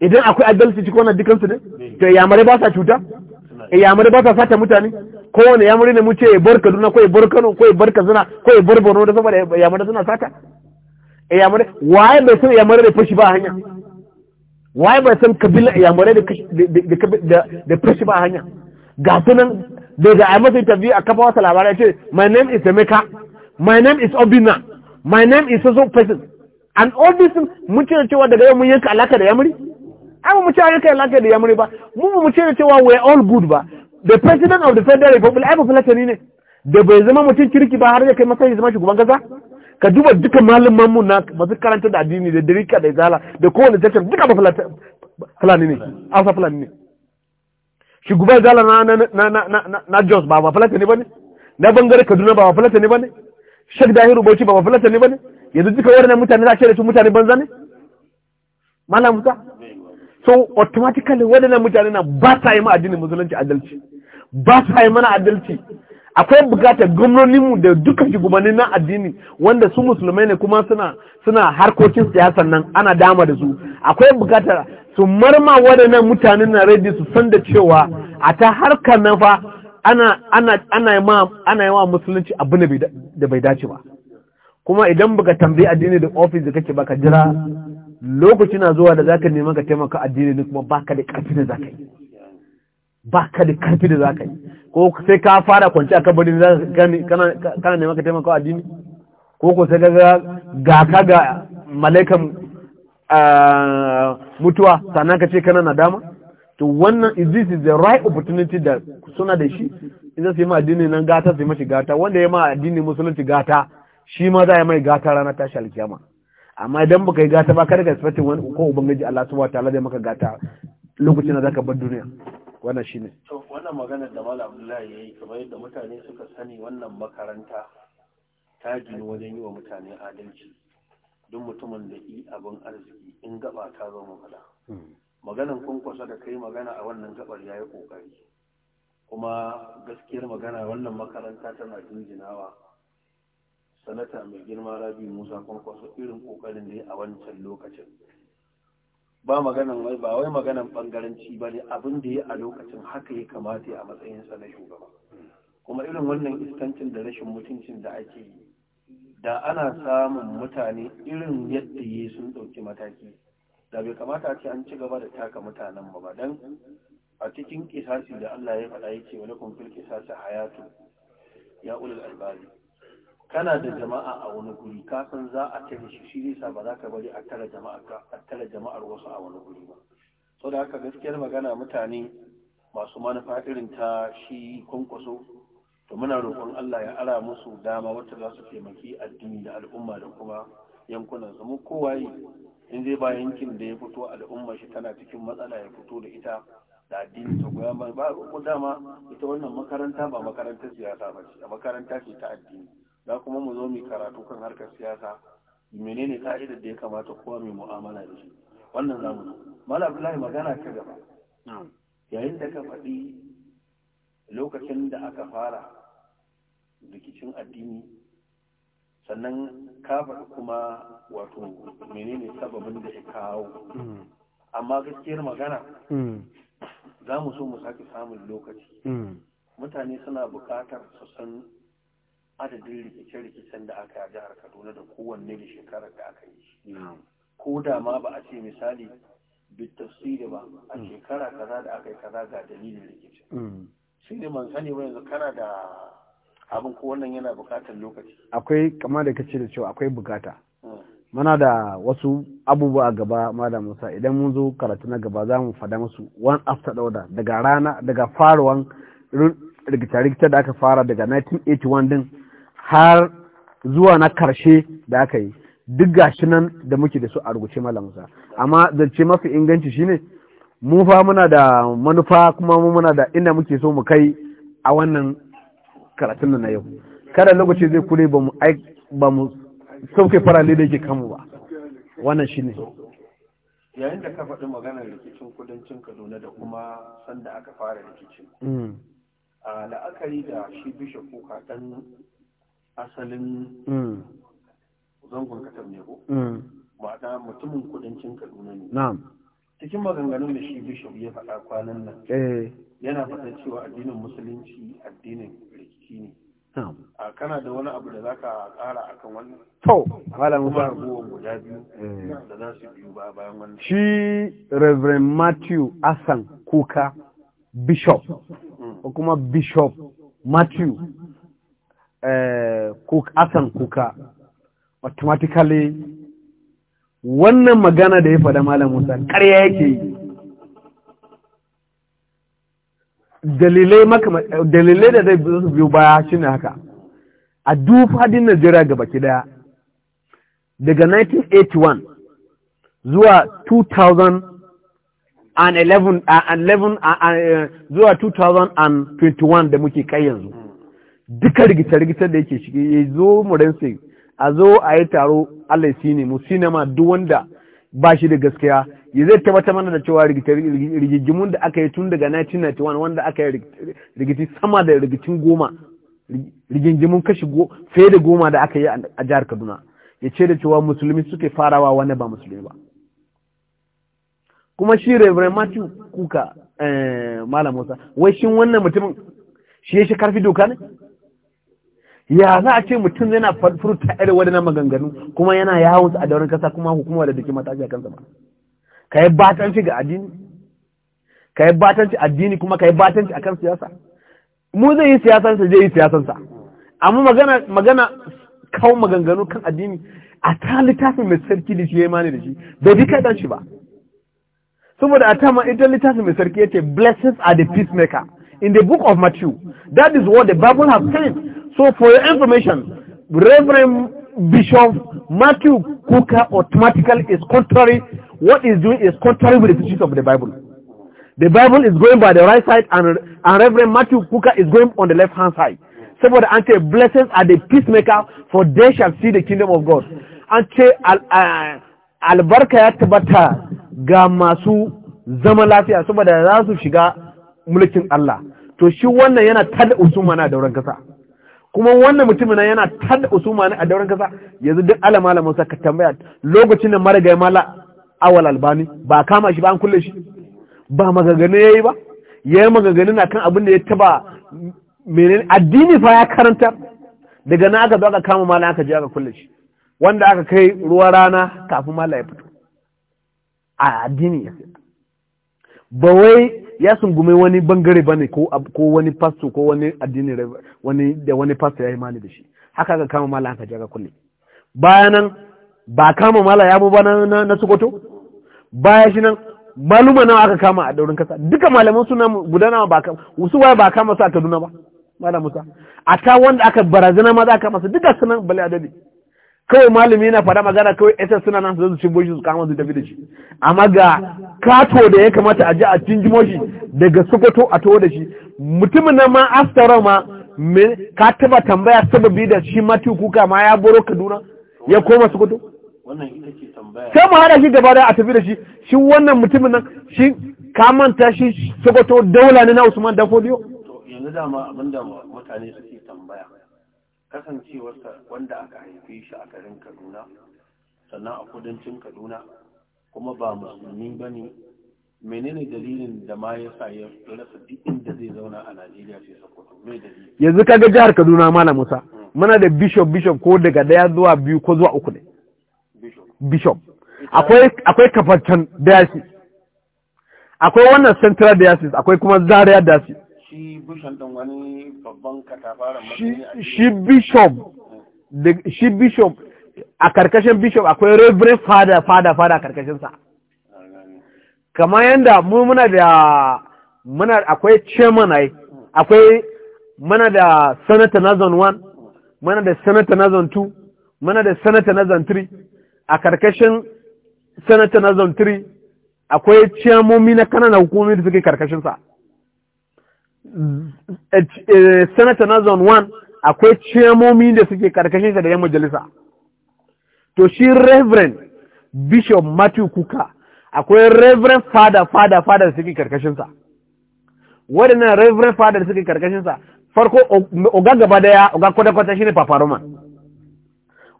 idan akwai adalci cikin wannan dukansu ne to yamare ba sa cuta Eh, yamuri ba sa sata mutane kowane yamuri ne mu ce bar kaduna ko bar kano ko bar kazina ko bar borno da saboda yamuri suna sata eh, yamuri waye bai san yamuri da fashi ba hanya waye bai san kabila yamuri da fashi ba hanya ga sunan daga a masa tafi a kafa wasa labarai ce my name is Emeka my name is Obina my name is so person and all this mun ce cewa daga yau mun yanka alaka da yamuri ai mu ce kai lanka da yamuri ba mu mu ce da cewa we all good ba the president of the federal republic ai ba fulatani ne da bai zama mutum kirki ba har ya kai matsayin zama shugaban kasa ka duba duka malaman mu na masu karanta da addini da dirika da izala da kowane section duka ba fulani ne asa fulani ne shugaban izala na na na na na Jos ba ba fulani ne bane na bangare Kaduna ba ba fulani ne bane Sheikh Dahiru Bauchi ba ba fulani ne bane yanzu duka wannan mutane za a ce da su mutane banza ne Malam Musa so automatically waɗannan mutane na ba sa yi ma addinin musulunci adalci ba sa yi mana adalci akwai bukatar gwamnoninmu da duka shugabannin na addini wanda su musulmai ne kuma suna suna harkokin siyasan nan ana dama da su akwai bukatar su marma waɗannan mutanen na redi su san da cewa a ta harkar na fa ana ana ana ma ana yawa musulunci abu da bai dace ba kuma idan baka tambayi addini da ofis da kake baka jira lokaci na zuwa da zaka nema ka taimaka addini ne kuma baka da karfi da zaka yi baka da karfi da zaka yi ko sai ka fara kwanci akan bari kana kana nema ka taimaka addini ko ko sai ga ga ka ga malaikan mutuwa sannan ka ce kana nadama to wannan is this is the right opportunity da suna da shi in sai ma addini nan gata sai mashi gata wanda ya ma addini musulunci gata shi ma za ya mai gata ranar tashi alkiyama amma idan baka yi gata ba kada ka sifatin wani ko ubangiji Allah subhanahu wataala zai maka gata lokacin da zaka bar duniya wannan shine to wannan magana da Malam Abdullahi yayi kamar yadda mutane suka sani wannan makaranta ta gini wajen yi wa mutane adalci duk mutumin da yi abin arziki in gaba ta zo mu fada hmm. maganan kwasa da kai magana a wannan gabar yayi kokari kuma gaskiyar magana wannan makaranta tana jinjinawa sanata mai girma rabi musa kwankwaso irin kokarin da ya a wancan lokacin ba maganan wai ba wai maganan bangaranci ba ne abin da ya a lokacin haka ya kamata ya a matsayinsa na shugaba kuma irin wannan iskancin da rashin mutuncin da ake yi da ana samun mutane irin yadda ya sun ɗauki mataki da bai kamata a ce an ci gaba da taka mutanen ba Dan a cikin kisasi da Allah ya faɗa yake wani kumfil kisasi hayatu ya ulul albari kana da jama'a a wani guri ka san za a tare shi shi nisa ba za ka bari a tare jama'ar wasu a wani guri ba sau da haka gaskiyar magana mutane masu manufa irin ta shi kwankwaso to muna roƙon Allah ya ara musu dama wata za su taimaki addini da al'umma da kuma yankunan su mu kowaye in zai ba yankin da ya fito al'umma shi tana cikin matsala ya fito da ita da addini ta goyon ba ba ko dama ita wannan makaranta ba makarantar siyasa ba ce makaranta ce ta addini za kuma mu zo mu karatu kan harkar siyasa menene ka'idar da ya kamata kowa mai mu'amala da shi wannan za zo mallam abdullahi magana ta gaba yayin da ka faɗi lokacin da aka fara rikicin addini sannan ka faɗi kuma wato menene sababin da ya kawo mm. amma gaskiyar magana mm. za mu so mu sake samun lokaci mm. mutane suna bukatar su san adadin rikice-rikicen da aka yi jihar kaduna da kowanne da shekarar da aka yi mm. ko da ma ba a ce misali da ba a mm. shekara kaza da aka yi kaza ga dalilin rikice. Mm. shi ne man sani ba yanzu kana da abin ko wannan yana bukatar lokaci akwai kama da kace da cewa akwai bukata muna da wasu abubuwa a gaba mada Musa idan mun zo karatu na gaba za mu fada musu one after the other daga rana daga faruwan rikice-rikice da aka fara daga 1981 din har zuwa na karshe da aka yi duk shi nan da muke da su a rubuce malamusa amma zance mafi inganci shine mu fa muna da manufa kuma mu muna da inda muke so mu kai a wannan karatun na yau kada lokaci zai kure ba mu ba sauke farale da yake kanmu ba wannan shine yayin da ka faɗi maganar rikicin kudancin kaduna da kuma sanda aka fara rikicin mm. a la'akari da shi bishop kuka dan asalin hmm. zangon katar ne ko ma'ana hmm. mutumin kudancin kaduna ne cikin maganganun da shi bishop ya faɗa kwanan nan eh. yana faɗa cewa addinin musulunci addinin rikici ne a kana da wani abu da za ka ƙara akan kan wannan to abubuwan guda biyu eh. da za su biyu ba bayan wannan shi reverend matthew asan kuka bishop hmm. ko kuma bishop matthew Eh, cook asan kuka automatically wannan magana da ya faɗa malam Musa ƙarya yake yi dalilai dalilai da zai su biyo baya shine haka a duk fadin Najeriya ga baki daya daga 1981 zuwa 2011 eh, zuwa 2021 da muke kai yanzu duka rigice-rigicen da yake shige ya zo mu rense a zo a yi taro Allah shi ne mu sinema duk wanda ba shi da gaskiya ya zai tabbata mana da cewa rigigimun da aka yi tun daga 1991 wanda aka yi rigiti sama da rigicin goma rigingimun kashi fiye da goma da aka yi a jihar Kaduna ya ce da cewa musulmi suke farawa wani ba musulmi ba kuma shi Reverend Matthew Kuka eh, Malam Musa wai shin wannan mutumin shi ya shi karfi doka ne ya za a ce mutum yana furta irin waɗannan maganganu kuma yana yawon a daurin kasa kuma hukumar da mata mataki a kansa ba ka yi batanci ga addini ka yi batanci addini kuma ka yi batanci akan siyasa mu zai yi siyasansa zai yi siyasansa amma magana magana kawo maganganu kan addini a ta littafin mai sarki da shi ya mani da shi bai bi kai shi ba saboda a ta ma ita littafin mai sarki ya ce blessings are the peacemaker in the book of Matthew. That is what the Bible has said. So for your information, Reverend Bishop Matthew Cooker automatically is contrary. What he's doing is contrary with the teachings of the Bible. The Bible is going by the right side and, and Reverend Matthew Cooker is going on the left hand side. for the ce blessings are the peacemaker for they shall see the kingdom of God. An ce uh, albarka ya tabbata ga masu zama lafiya saboda za mulkin Allah to shi wannan yana tada usuma na dauran kasa kuma wannan mutumin nan yana tada usuma ne a dauran kasa yanzu duk alama malamin sa ka tambaya lokacin da marigayi mala awal albani ba kama shi ba an kulle shi ba magagane yayi ba yayi magagane na kan abin da ya taba menene addini fa ya karanta daga na aka zo aka kama mala aka je aka kulle shi wanda aka kai ruwa rana kafin mala ya fito a addini ya ba wai ya sungume wani bangare bane ko ko wani pastor ko wani addini wani da wani pastor ya yi mani da shi haka ga kama mala haka jaga kulle bayanan ba kama mala ya ba na na Sokoto baya shi nan maluma nawa aka kama a daurin kasa duka malaman suna gudana ba kama wasu waya ba kama su a Kaduna ba malam Musa a ta wanda aka barazana ma za a kama su duka sunan bala adadi kawai malami yana faɗa magana kawai ita suna nan su cin boshi su kama su tafi da shi amma ga kato da ya kamata a ji a cin jimoshi daga sokoto a tawo da shi mutumin nan ma astara ma ka taba tambaya sababi da shi mati kuka ma ya boro kaduna ya koma sokoto sai mu hada shi gaba da a tafi da shi shi wannan mutumin nan shi ka manta shi sokoto daula ne na usman dan yanzu dama abinda mutane suke tambaya kasancewarsa wanda aka haife shi a garin kaduna sannan a kudancin kaduna kuma ba musulmi ba ne menene dalilin da ma ya sa ya rasa duk inda zai zauna a najeriya sai sokoto mai dalili yanzu kaga jihar kaduna malam musa hmm. muna da bishop bishop ko daga daya zuwa biyu ko zuwa uku ne bishop akwai akwai kafaccen diocese akwai wannan central diocese akwai kuma zaria diocese shi bishop din wani babban katafaren shi bishop shi bishop a karkashin bishop akwai reverend fada fada fada karkashin sa kamar yanda mu muna da muna akwai chairman ai akwai muna da senator na zone 1 muna da senator na zone 2 muna da senator na zone 3 a karkashin senator na zone 3 akwai ciyamomi na kanana hukumomi da suke karkashin sa Eh, eh, senator na zone 1 akwai ciyamomi da suke karkashinsa da 'yan majalisa to shi reverend bishop matthew kuka akwai reverend fada fada fada da suke karkashinsa waɗannan reverend fada da suke karkashinsa farko oga gaba daya oga kwata-kwata shi ne paparoma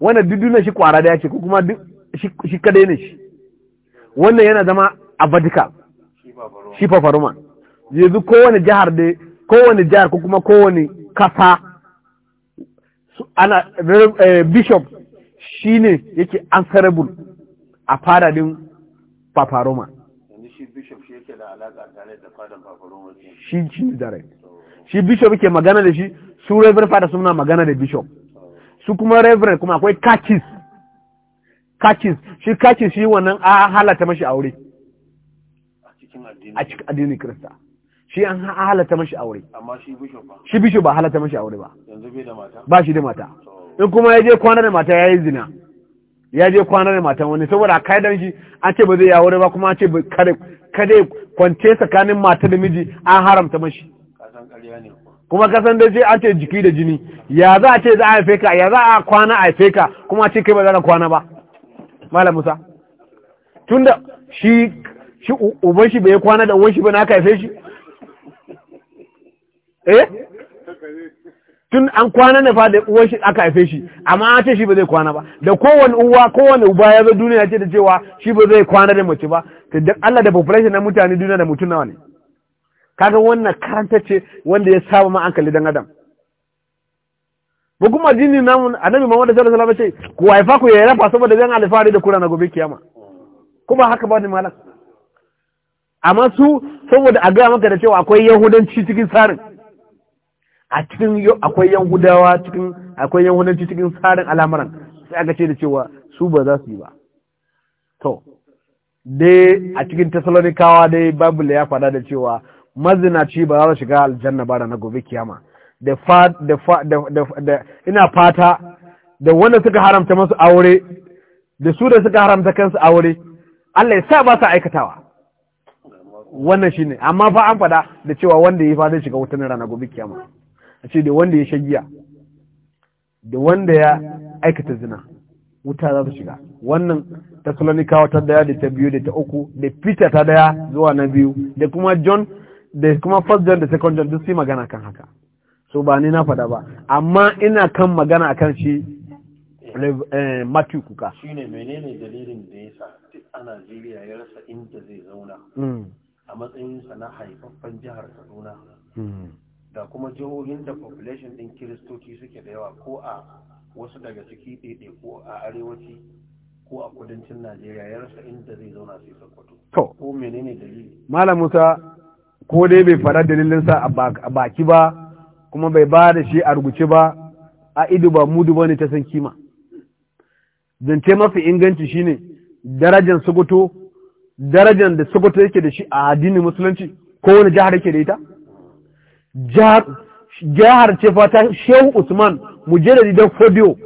wannan duduna shi kwara daya ce ko kuma shi kadai ne shi wannan yana zama a vatican shi papa roman yanzu kowane jihar da kowane jihar ko kuma kowane kasa ana eh, bishop shine yake answerable a fadadin paparoma shi shi ne direct shi bishop yake magana da shi su reverend fada suna magana da bishop su kuma reverend kuma akwai catches catches shi catches shi wannan a halatta mashi aure a cikin addini kirista shi an halatta mashi aure amma shi bisho ba shi bisho ba halatta mashi aure ba yanzu bai da mata ba shi da mata in kuma ya je kwana da mata yayi zina ya je kwana da mata wani saboda kaidan shi an ce ba zai aure ba kuma an ce kada kada kwance tsakanin mata da miji an haramta mashi kasan ƙarya ne kuma kasan dai sai an ce jiki da jini ya za a ce za a haife ka ya za a kwana a haife ka kuma a ce kai ba za ka kwana ba malam Musa tunda shi shi uban shi bai kwana da uwan shi ba na haife shi eh tun an kwana ne fa da uwar shi aka haife shi amma an ce shi ba zai kwana ba da kowane uwa kowane uba ya zo duniya ce da cewa shi ba zai kwana da mace ba to Allah da population na mutane duniya da mutum nawa ne kaga wannan karanta ce wanda ya saba ma an dan adam ba kuma dini namu annabi Muhammad sallallahu alaihi wasallam ce ku haifa ku ya rafa saboda zan alfahari da kura na gobe kiyama kuma haka ba ni malam amma su saboda a gaya maka da cewa akwai yahudanci cikin tsarin a cikin akwai yahudawa cikin akwai yahudanci cikin tsarin al'amuran sai aka ce da cewa su ba za su yi ba to dai a cikin tasalonikawa dai Babu ya faɗa da cewa mazinaci ba za su shiga aljanna ba na gobe kiyama da ina fata da wanda suka haramta masu aure da su da suka haramta kansu aure Allah ya sa ba su aikatawa wannan shine amma fa an faɗa da cewa wanda ya fa zai shiga wutan rana gobe kiyama a ce da wanda ya shagiya da wanda ya aikata zina wuta za su shiga wannan tasalonikawa ta daya da ta biyu da ta uku da peter ta daya zuwa na biyu da kuma john da kuma first john da second john duk sai magana kan haka so ba ni na faɗa ba amma ina kan magana kan shi eh, Matthew kuka shi ne menene dalilin da ya sa duk a Najeriya ya rasa inda zai zauna hmm. a matsayinsa na haifaffen jihar Kaduna hmm. da kuma jihohin da population din kiristoci suke da yawa ko a wasu daga ciki ɗaiɗe ko a arewaci ko a kudancin najeriya ya rasa inda zai zauna sai sokoto to ko menene dalili malam musa ko dai bai fara dalilin sa a baki ba kuma bai ba da shi a rubuce ba a idu ba mudu ba ne ta san kima zance mafi inganci shine darajar sokoto darajar da sokoto yake da shi a addinin musulunci ko wani jihar yake da ita jihar ce fata shehu usman mujerari dan fodiyo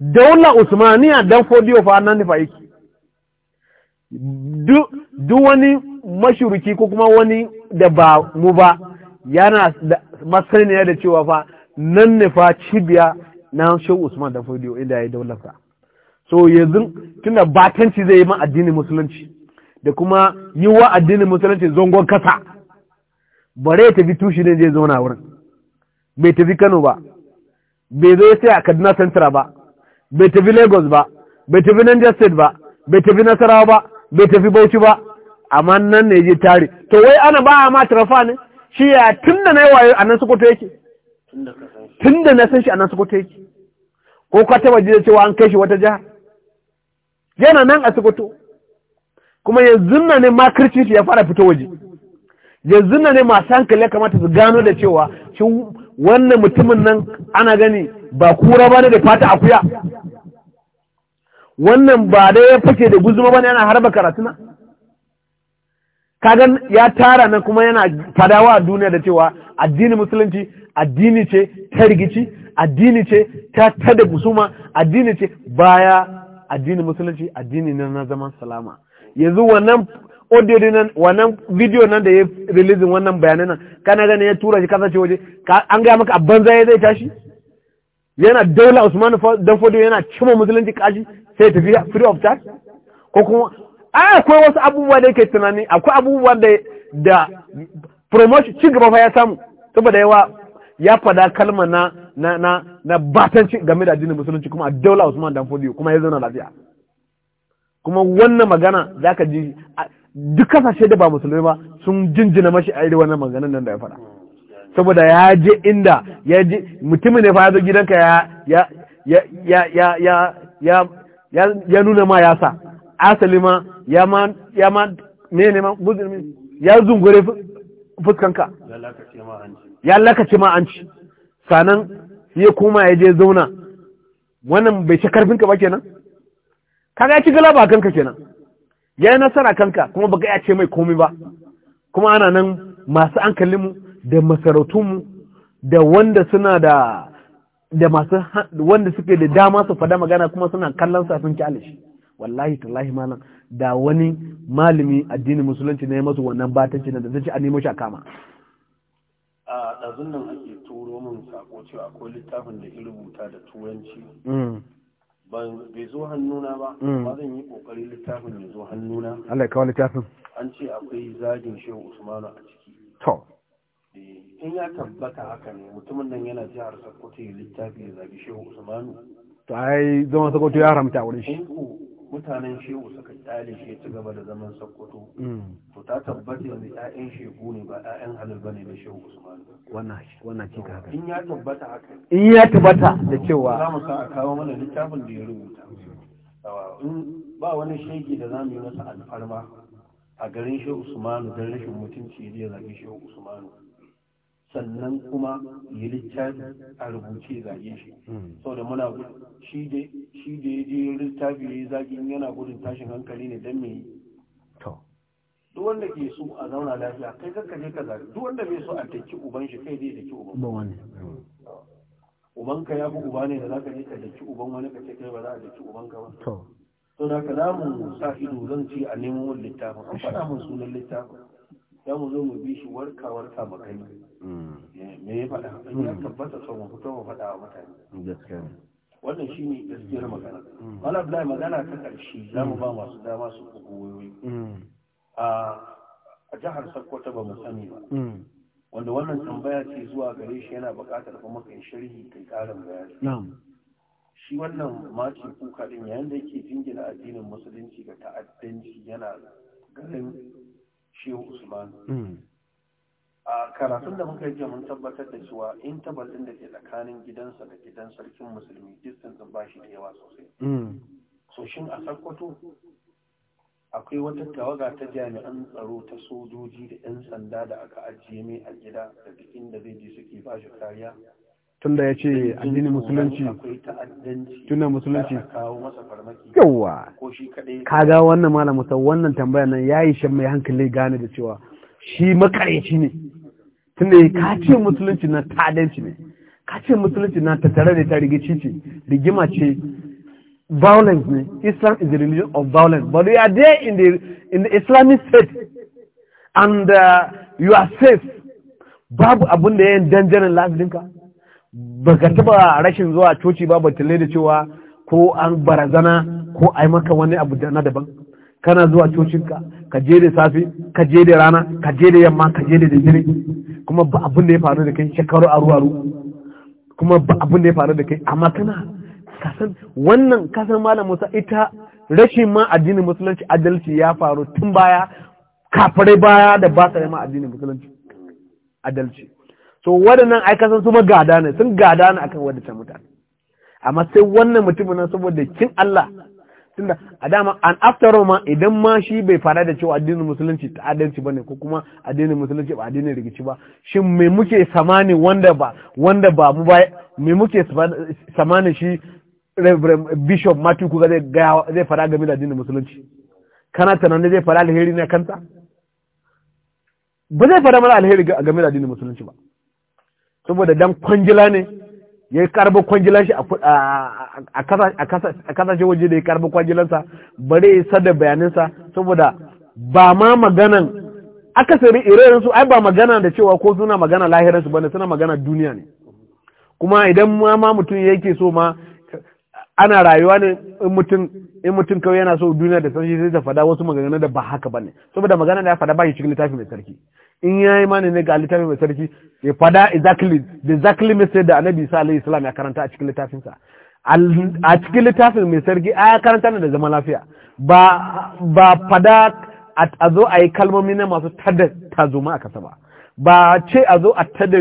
daular usmaniya dan fodiyo fa nan nufa yake duk wani mashuruki ko kuma wani da ba mu ba yana masaniya da cewa fa nan nufa cibiya na shehu usman dan fodiyo inda ya daularsa so yanzu tunda batanci zai yi ma addinin musulunci da kuma yi wa addinin musulunci zongon kasa bare ya tafi tushi ne zai zauna wurin bai tafi Kano ba bai zo sai a Kaduna Central ba bai tafi Lagos ba bai tafi Niger State ba bai tafi Nasarawa ba bai tafi Bauchi ba amma nan ne je tare to wai ana ba a ma tarafa ne shi ya tunda na yi wayo a nan Sokoto yake tunda na san shi a nan Sokoto yake ko ka taba ji cewa an kai shi wata jiha yana nan a Sokoto kuma yanzu nan ne makirci ya fara fito waje yanzu na ne masu hankali ya kamata su gano da cewa shin wannan mutumin nan ana gani ba kura ba ne da fata akuya wannan ba dai ya fake da guzuma ba ne yana harba karatuna kagan ya tara nan kuma yana fadawa a duniya da cewa addini musulunci addini ce ta rigici addini ce ta tada gusuma addini ce baya addini musulunci addini na zaman salama yanzu wannan audio nan wannan video nan da ya release wannan bayanan nan kana ganin ya tura shi kasa ce waje an gaya maka a banza ya zai tashi yana daula Usman fodo yana cima musulunci kashi sai tafi free of charge ko kuma a akwai wasu abubuwa da yake tunani akwai abubuwa da da promotion ci gaba fa ya samu saboda yawa ya fada kalma na na na na batanci game da addinin musulunci kuma a daula Usman fodo kuma ya zauna lafiya kuma wannan magana zaka ji duk kasashe da ba musulmai ba sun jinjina mashi a wannan maganin nan da ya faɗa saboda ya je inda ya je mutumin ne fa ya zo gidanka ya ya ya ya ya ya nuna ma ya sa asali ma ya ma ya ne ne ma ya zungure fuskanka ya lakace ma an ci sanan ya koma ya je zauna wannan bai ci karfinka ba kenan kaga ya ci galaba kanka kenan ya yi nasara kanka kuma baka ya ce mai komi ba kuma ana nan masu ankalinmu da masarautunmu da wanda suna da da masu wanda suke da dama su fada magana kuma suna kallon sa sun kyale shi wallahi tallahi malam da wani malami addinin musulunci ne masu wannan batanci da zai ci a nemo shi a kama a ɗazun nan ake turo min sako cewa akwai littafin da ya rubuta da turanci mm. ban bai zo hannuna ba ba hmm. zan yi kokarin littafin ya zo hannuna Allah ya kawo littafin an ce akwai zagin shehu usmanu a ciki to eh, in ya tabbata haka ne mutumin nan yana jihar sokoto ya littafi ya zagi shehu usmanu to ai zama sokoto ya haramta wurin shi mutanen shehu suka kyale shi ci gaba da zaman sakkwato mm. to ta tabbata yanzu ƴaƴan shehu ne ba ƴaƴan halal bane da shehu usman wannan ka in ya tabbata haka in ya tabbata da cewa za mu sa a kawo mana littafin da ya rubuta in ba wani shege da za mu yi masa alfarma a garin shehu usman don rashin mutunci da ya shehu Usmanu. sannan kuma yi littafi a rubuce zage shi hmm. sau da muna gudu shi da ya je littafi ya yi zagin yana gudun tashin hankali ne don mai duk wanda ke so a zauna lafiya kai kakka je ka zage duk wanda bai so a taki uban shi kai zai taki uban hmm. uban ka ya fi uba ne da za ka je ka taki uban wani ka ce kai ba za a taki uban ka ba to da ka za mu sa ido zan ce a wani littafin an faɗa mun sunan littafin za mu zo mu bi shi warka warka ba kai eh, me ya faɗa in ya tabbata sau mu fito mu faɗa wa mutane wannan shi ne gaskiyar magana wala mm. bla magana ta ƙarshe za mu ba masu dama su hukumomi mm. a jihar Sakkwata ba mu sani ba mm. wanda wannan tambaya ce zuwa gare shi yana buƙatar kuma kai sharhi kai ƙarin bayani shi wannan mace kuka din yayin da yake jingina addinin musulunci ga ta'addanci yana ganin shehu usman hmm. a karatun da muka yi mun tabbatar da cewa in tabbatin da ke tsakanin gidansa da gidan sarkin musulmi distance ba shi da yawa sosai hmm. so shin a sakkwato akwai wata tawaga ta jami'an tsaro ta sojoji da 'yan sanda da aka ajiye mai a gida da duk inda zai je suke ba kariya tunda ya ce addini musulunci tunda musulunci yawa kaga wannan malam musa wannan tambaya nan ya yi shan mai hankali gane da cewa shi makareci ne tunda ka ce musulunci na tadanci ne ka ce musulunci na tattare da ta rigici ce rigima ce violence ne islam is the religion of violence but you are there in the in the islamic state and uh, you are safe babu abin da ya yi danjarin lafi ba ka taba rashin zuwa coci ba batale da cewa ko an barazana ko ai maka wani abu na daban kana zuwa cocinka ka je da safe ka je da rana ka je da yamma ka je da dare kuma ba abin da ya faru da kai shekaru aru aru kuma ba abin da ya faru da kai amma kana kasan wannan kasan malam Musa ita rashin ma addinin musulunci adalci ya faru tun baya kafirai baya da ba sa ma addinin musulunci adalci so waɗannan aikasan su ma gada ne sun gada ne akan ta mutane amma sai wannan mutumin nan saboda kin Allah tunda a dama an after ma idan ma shi bai fara da cewa addinin musulunci ta adalci bane ko kuma addinin musulunci ba addinin rikici ba shin me muke samani wanda ba wanda ba mu ba me muke samani shi bishop Matthew kuga zai zai fara game da addinin musulunci kana tunanin zai fara alheri ne kansa ba zai fara mana alheri game da addinin musulunci ba saboda dan kwangila ne ya karbi kwangilan shi a kasashe waje da ya karbi kwangilansa bare ya da bayaninsa saboda ba ma maganan akasari ire su ai ba magana da cewa ko suna magana lahiransu bane suna magana duniya ne kuma idan ma mutum yake so ma ana rayuwa ne in mutum in mutum kawai yana so duniya da sarki zai ta fada wasu magana da ba haka bane saboda magana da ya fada ba shi cikin littafi mai sarki in ya yi mani ne ga littafin mai sarki ya fada exactly the exactly message da annabi isa alayhi salam ya karanta a cikin littafinsa a cikin littafin mai sarki a ya karanta ne da zama lafiya ba ba fada a zo a yi kalmomi na masu tada tazuma a kasa ba ba ce a zo a tada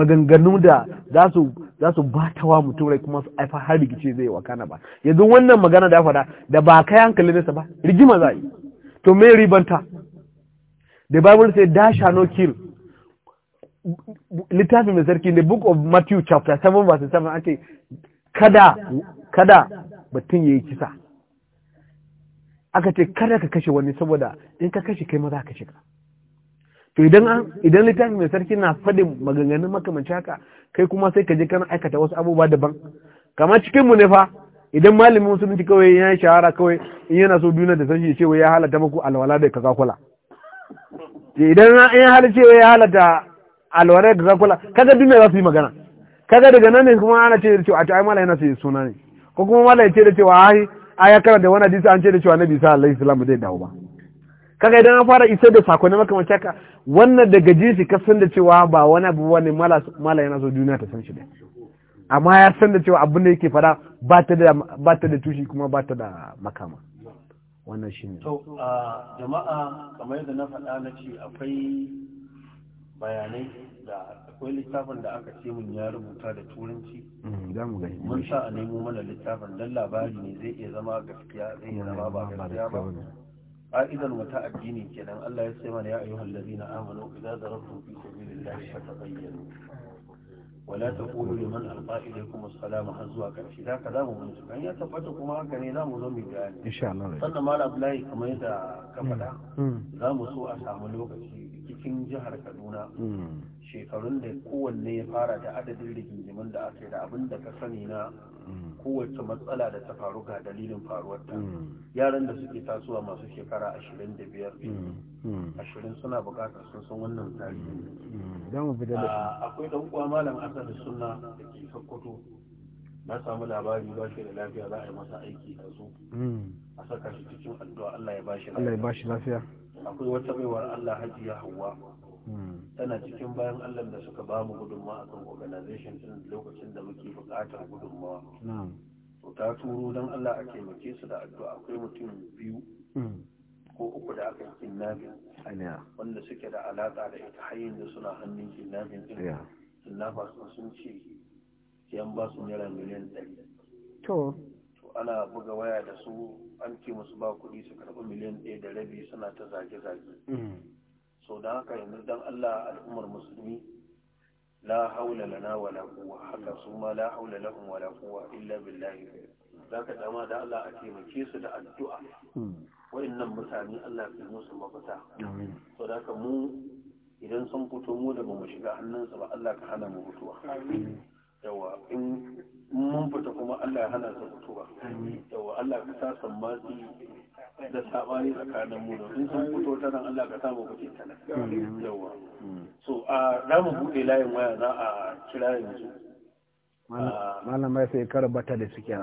maganganu da za su za su bata wa mutum rai kuma su aifa har rigice zai kana ba yanzu wannan magana da fada da ba kai hankali nesa ba rigima za yi to me ribanta The Bible says Thou shalt not kill. Littafin mai sarki, the book of Matthew chapter 7 verse 7 an ce, Kada, kada batun ya yi kisa. Aka ce, Kada ka kashe wani saboda in ka kashe kai maza ka shiga. To idan idan littafin mai sarki na faɗin maganganun makamanci haka, kai kuma sai ka je kana aikata wasu abubuwa daban. Kamar cikinmu ne fa, idan malamin musulunci kawai ya yi shahara kawai in yana so duniya da san shi ya ce wai ya halatta muku alwala da kaza kula. idan in halice ya halata alwarai da zakula kaga duk mai za su yi magana kaga daga nan ne kuma ana ce da cewa a ai mala yana sai suna ne ko kuma mala ya ce da cewa ai ai ya karanta wani hadisi an ce da cewa nabi sallallahu alaihi islamu zai dawo ba kaga idan an fara isar da sakonni makamancin haka wannan daga jinsi ka san da cewa ba wani abu wani mala yana so duniya ta san shi da amma ya san da cewa abin da yake fada ba ta da ba ta da tushi kuma ba ta da makama wannan shi ne a jama'a kamar yadda na faɗa na ce akwai bayanai da akwai littafin da aka ce mun ya rubuta da turanci mm, mun sa a nemo mana littafin don labari ne zai iya zama gaskiya zai iya zama ba gaskiya ba قائدا وتأديني كذا الله يسمى يا أيها الذين آمنوا إذا ضربتم في سبيل الله فتبينوا ولا تقولوا لمن ألقى إليكم السلام حزوا كرشي ذاك ذا من سكان يا تفتا كما كان لا مزمي بيان إن شاء الله sannan ma Abdullahi kamar yadda ka faɗa za mu so a samu lokaci cikin jihar Kaduna shekarun da kowanne ya fara ta adadin rigingimin da aka da abin da ka sani na kowace matsala da ta faru ga dalilin faruwar ta hmm. yaran da suke tasowa masu shekara ashirin da biyar hmm. Hmm. ashirin suna bukatar sun san wannan tarihi ah, akwai dan uwa malam asali suna da ke sokoto na samu labari ba shi da lafiya za a yi masa aiki a zo a saka shi cikin addu'a Allah ya ba shi lafiya akwai wata baiwar Allah hajiya Hauwa. tana cikin bayan allah da suka ba mu gudunmawa akan organization din lokacin da muke buƙatar gudunmawa to ta turo don allah a taimake su da addu'a akwai mutum biyu hmm. ko uku da aka yi wanda suke da alaƙa da ita har yanzu suna hannun kinnafin din kinnafa sun ce yan ba su naira miliyan ɗari to ana buga waya da su an ce musu ba kuɗi su karɓi miliyan ɗaya da rabi suna ta zage-zage hmm. so da haka yanzu dan Allah al'ummar musulmi la haula lana wala quwwa haka su la haula lahum wala quwwa illa billahi zaka dama da Allah a taimake su da addu'a hmm. wayannan mutane Allah ya musu mafita so da haka mu idan sun fito mu da mu shiga hannunsa ba Allah ka hana mu mutuwa yawa in mun fita kuma Allah ya hana su mutuwa yawa Allah ka sa sammasi da sabani tsakanin mu in sun fito ta nan Allah ka samu kuke mm. yawa mm. so a ramu bude layin waya za a kira yanzu malamai sai karbata da suke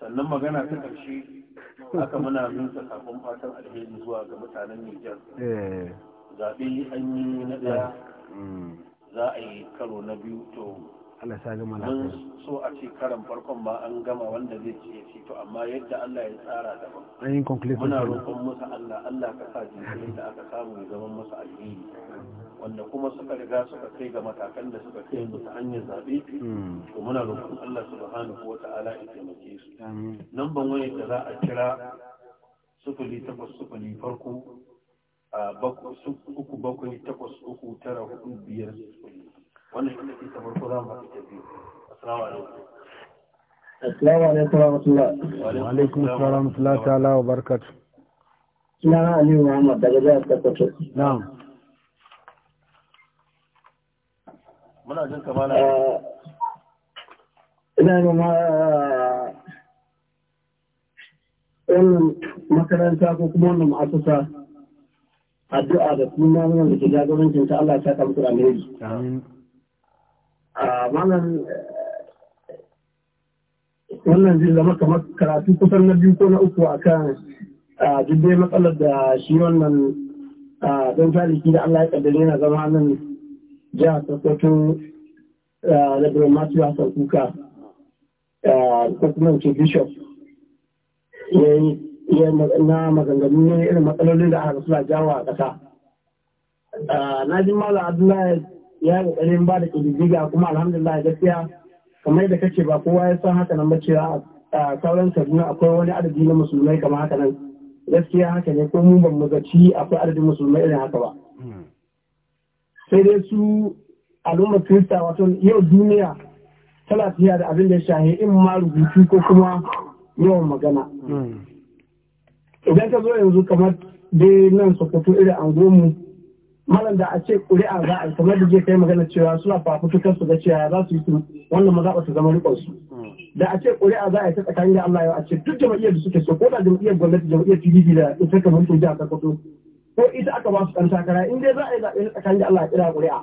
sannan magana ta karshe haka muna nuna kafin fatan alheri zuwa ga mutanen Nijar eh. zabe an yi na daya mm. za a yi karo na biyu to Allah sani mun so a ce karan farkon ba an gama wanda zai ce ya to amma yadda Allah ya tsara daban an yi conclusion muna roƙon musu Allah Allah ka sa jinkirin da aka samu ya zama musu alheri wanda kuma suka riga suka kai ga matakan da suka kai su ta hanyar zaɓe hmm. to muna roƙon Allah subhanahu wa ta'ala ya taimake su nan ban wani da za a kira sufuri takwas sufuri farko a uku bakwai takwas uku tara hudu biyar sufuri. wannan ita ce ta farko za mu haɗu ta biyu assalamu alaikum assalamu alaikum warahmatullahi wa alaikum assalam warahmatullahi ta'ala wa barakatuh sunana aliyu muhammad daga jihar sokoto na'am muna jin kamala ina ma wannan makaranta ko kuma wannan ma'asusa addu'a da kuma wannan da ke jagorancin ta Allah ya saka musu da alheri Ah, wannan zai zama kamar karatu kusan na biyu ko na uku a kan dai matsalar da shi wannan don taliki da Allah ya kaddare yana zama nan jihar Sokoto da Birin Masu Hassan Kuka ko kuma ce Bishop na maganganu ne irin matsalolin da aka rasu a jawa a ƙasa. Na jin Malam Abdullahi ya kokarin ba da ƙididdiga kuma alhamdulillah gaskiya kamar da kace ba kowa ya san haka nan ba cewa a sauran kaduna akwai wani adadi na musulmai kamar haka nan gaskiya haka ne ko mu ban mu zaci akwai adadin musulmai irin haka ba hmm. sai dai su al'ummar kirista wato yau duniya tana tafiya da abin da ya shahe in ma rubutu ko kuma yawan magana hmm. idan ka zo yanzu kamar dai nan sokoto irin angomu malam da a ce ƙuri'a za a kamar da je kai magana cewa suna fafutukar su ga cewa za su yi su wannan maza ba su zama riƙon su da a ce ƙuri'a za a yi ta tsakanin da Allah ya a ce duk jama'iyyar da suke so ko da jama'iyyar gwamnati jama'iyyar PDP da ita kamar ta jihar Sokoto ko ita aka ba su ɗan takara in dai za a yi zaɓe tsakanin da Allah ya kira ƙuri'a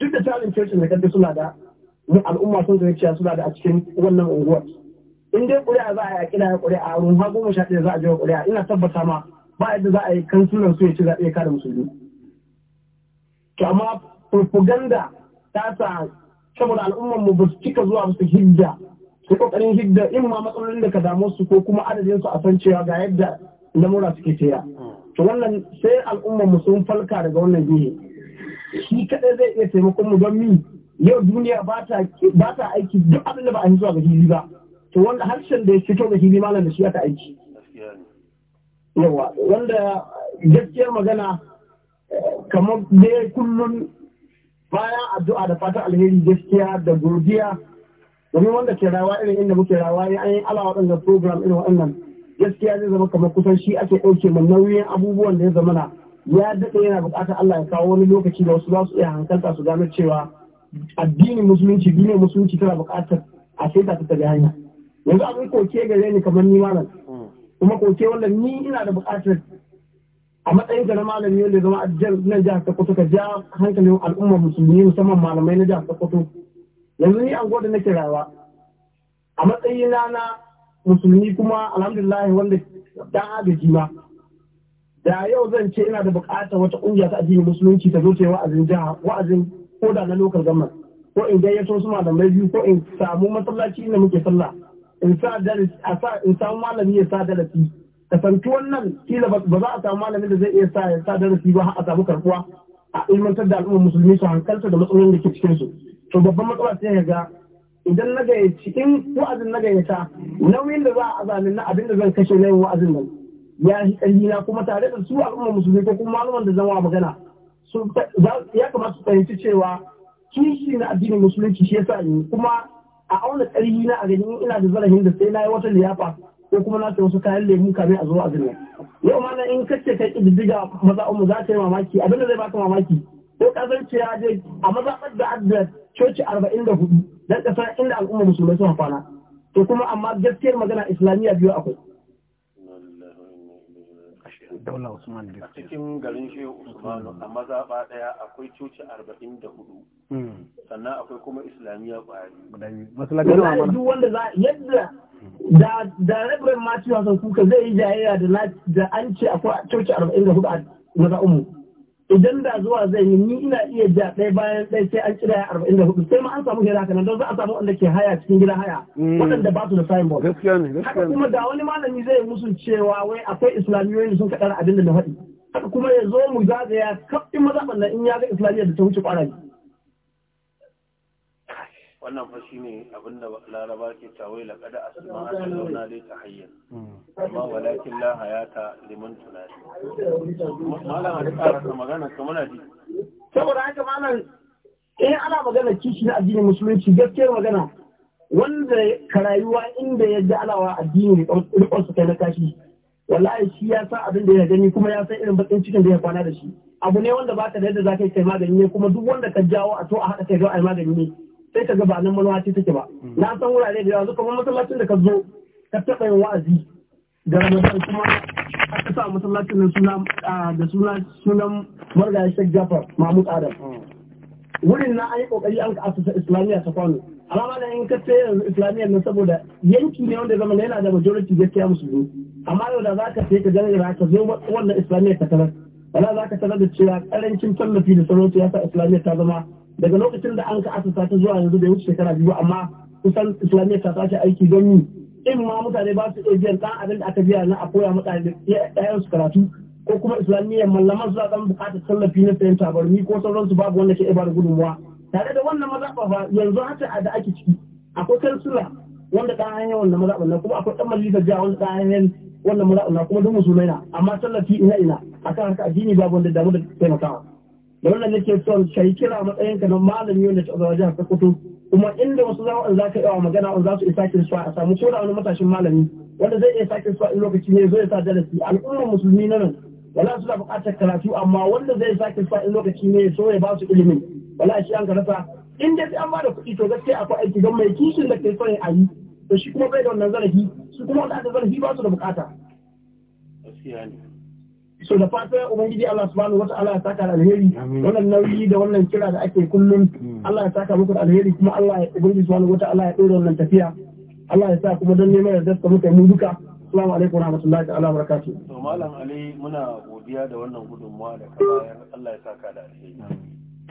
duk da talin cocin da kadda suna da al'umma sun zai cewa suna da a cikin wannan unguwar in dai ƙuri'a za a yi a kira ƙuri'a ruwa goma sha ɗaya za a jawo ƙuri'a ina tabbata ma ba yadda za a yi kansunan su ya ci zaɓe kada musulmi to amma propaganda ta sa saboda al'ummar mu ba su cika zuwa su hidda su kokarin hidda in ma matsalolin da ka damu su ko kuma adadin su a san cewa ga yadda lamura suke tsaya to wannan sai al'ummar mu sun falka daga wannan gihe shi kadai zai iya taimakon mu don mi yau duniya ba ta aiki duk abin da ba a yi zuwa ga hili ba to wanda harshen da ya fito ga hili malam da shi aka aiki yawa wanda gaskiyar magana kamar ya kullum bayan addu'a da fatan alheri gaskiya da godiya domin wanda ke rawa irin inda muke rawa ya an yi ala waɗanda program irin waɗannan gaskiya zai zama kamar kusan shi ake ɗauke mai nauyin abubuwan da ya zama na ya daɗe yana buƙatar Allah ya kawo wani lokaci da wasu za su iya hankalta su gano cewa addinin musulunci duniyar musulunci tana buƙatar a sai ta tafi hanya yanzu abin koke gare ni kamar ni malam mm. kuma koke wanda ni ina da buƙatar a matsayin ka na malami wanda zama ajiyar na jihar Sokoto ka ja hankalin al'umma musulmi musamman malamai na jihar Sokoto yanzu ni anguwar da nake rayuwa a matsayina na musulmi kuma alhamdulillah wanda ta agaji ma da yau zan ce ina da bukatar wata ƙungiya ta addinin musulunci ta zo ta yi wa'azin jiha wa'azin ko da na lokal gamar ko in gayyato su malamai biyu ko in samu masallaci inda muke sallah in sa darasi a sa in samu malami ya sa darasi kasantu wannan kila ba za a samu malamin da zai iya sa ya sa darasi ba a samu karbuwa a ilmantar da al'ummar musulmi su hankalta da matsalolin da ke cikin su to babban matsala sai ga idan na gayyaci in wa'azin na gayyata nauyin da za a azamin na abin da zan kashe na yin wa'azin nan ya yi ƙarfi na kuma tare da su al'ummar musulmi ko kuma malaman da zan wa magana ya kamata su fahimci cewa kishi na addinin musulunci shi yasa ni kuma a auna ƙarfi na a ganin ina da zarafin da sai na yi wata liyafa ko kuma na ta wasu kayan lemu kamin a zo a zina yau ma in kace kai diga maza umu za ta yi mamaki abinda zai baka mamaki ko kasance ya je a mazaɓar da adda coci arba'in da hudu don ƙasa inda al'ummar musulmai suna kwana to kuma amma gaskiyar magana islamiyya biyu akwai daula usman a cikin garin shehu usmanu a mazaɓa ɗaya akwai coci arba'in da hudu hmm. sannan akwai kuma islamiyya ƙwari masalacin duk wanda za yadda da da rabin ma kuka zai yi jayayya da an ce akwai coci arba'in da hudu a maza'unmu idan da zuwa zai yi ni ina iya ja ɗaya bayan ɗaya sai an kira arba'in da hudu sai ma an samu hira kanan don za a samu wanda ke haya cikin gida haya hmm. waɗanda ba su da sayin bauta haka kuma da wani malami zai musu cewa wai akwai islamiyoyi sun kaɗa abin da na faɗi haka kuma ya zo mu zagaya kafin mazaɓan na in ya ga islamiyya da ta wuce ƙwarari wannan fa shine abin da laraba ke tawai laƙada kada suna ta zauna dai ta hayyar amma walakin la hayata liman tunani malam a duka ta magana ka muna ji saboda haka malam in eh, ana magana kishi na addinin musulunci gaskiyar magana wanda ka rayuwa inda yadda alawa addini rikonsa kai na kashi wallahi shi ya san abin da ya gani kuma ya san irin bakin cikin da ya kwana da shi abu ne wanda baka da yadda za ka yi kai magani ne kuma duk wanda ka jawo a to a haka kai zo a yi magani ne sai ka ga ba nan malwa ce take ba mm. na san wurare da yawa zuka kuma masallacin da ka zo ka taɓa yin wa'azi da ramadan kuma aka sa masallacin nan suna da suna sunan marga shek jafar mahmud adam mm. wurin na an yi kokari an ka asusa islamiyya ta kwano amma da in ka ce yanzu islamiyya nan saboda yanki ne wanda zama yana da majority gaskiya musulmi amma yau da za ka ka gani ka zo wannan islamiyya ta tarar wala zaka ka tarar da cewa karancin tallafi da sarauta ya sa islamiyya ta zama daga lokacin da an ka asusa ta zuwa yanzu da wuce shekara biyu amma kusan islamiyya ta tashi aiki don yi in ma mutane ba su iya biyan abin da aka biya na a koya mutane da su karatu ko kuma islamiyya mallaman su ɗan buƙatar tallafi na sayan tabarni ko sauransu babu wanda ke bada gudunmuwa tare da wannan mazaɓa ba yanzu haka da ake ciki akwai kansila wanda ɗan hanyar wannan mazaɓa na kuma akwai ɗan majalisar jiya wanda ɗan hanyar wannan mazaɓa na kuma duk musulmai na amma tallafi ina ina akan haka addini babu wanda damu da taimakawa. da nake son kai kira matsayin ka don malami wanda ta zuwa jihar Sokoto kuma inda wasu za a ka yawa magana wanda za su isa kin a samu ko wani matashin malami wanda zai iya sakin suwa in lokaci ne ya sa darasi al'ummar musulmi na nan wala su suna buƙatar karatu amma wanda zai sakin suwa in lokaci ne so ya ba su ilimin wala shi an karasa in dai an ba da kuɗi to gaskiya akwai aiki don mai kishin da ke son a yi to shi kuma bai da wannan zarafi su kuma wanda aka zarafi ba su da buƙata. so da fatan ubangiji Allah subhanahu ta'ala ya saka da alheri wannan nauyi da wannan kira da ake kullum hmm. Allah ya saka muku da alheri kuma Allah ya ubangiji subhanahu ta'ala ya dora wannan tafiya Allah ya sa kuma don neman yarda muka mu duka assalamu alaikum rahmatullahi ta'ala barakatuh to malam ali muna godiya da wannan gudunmuwa da ka bayar Allah ya saka da alheri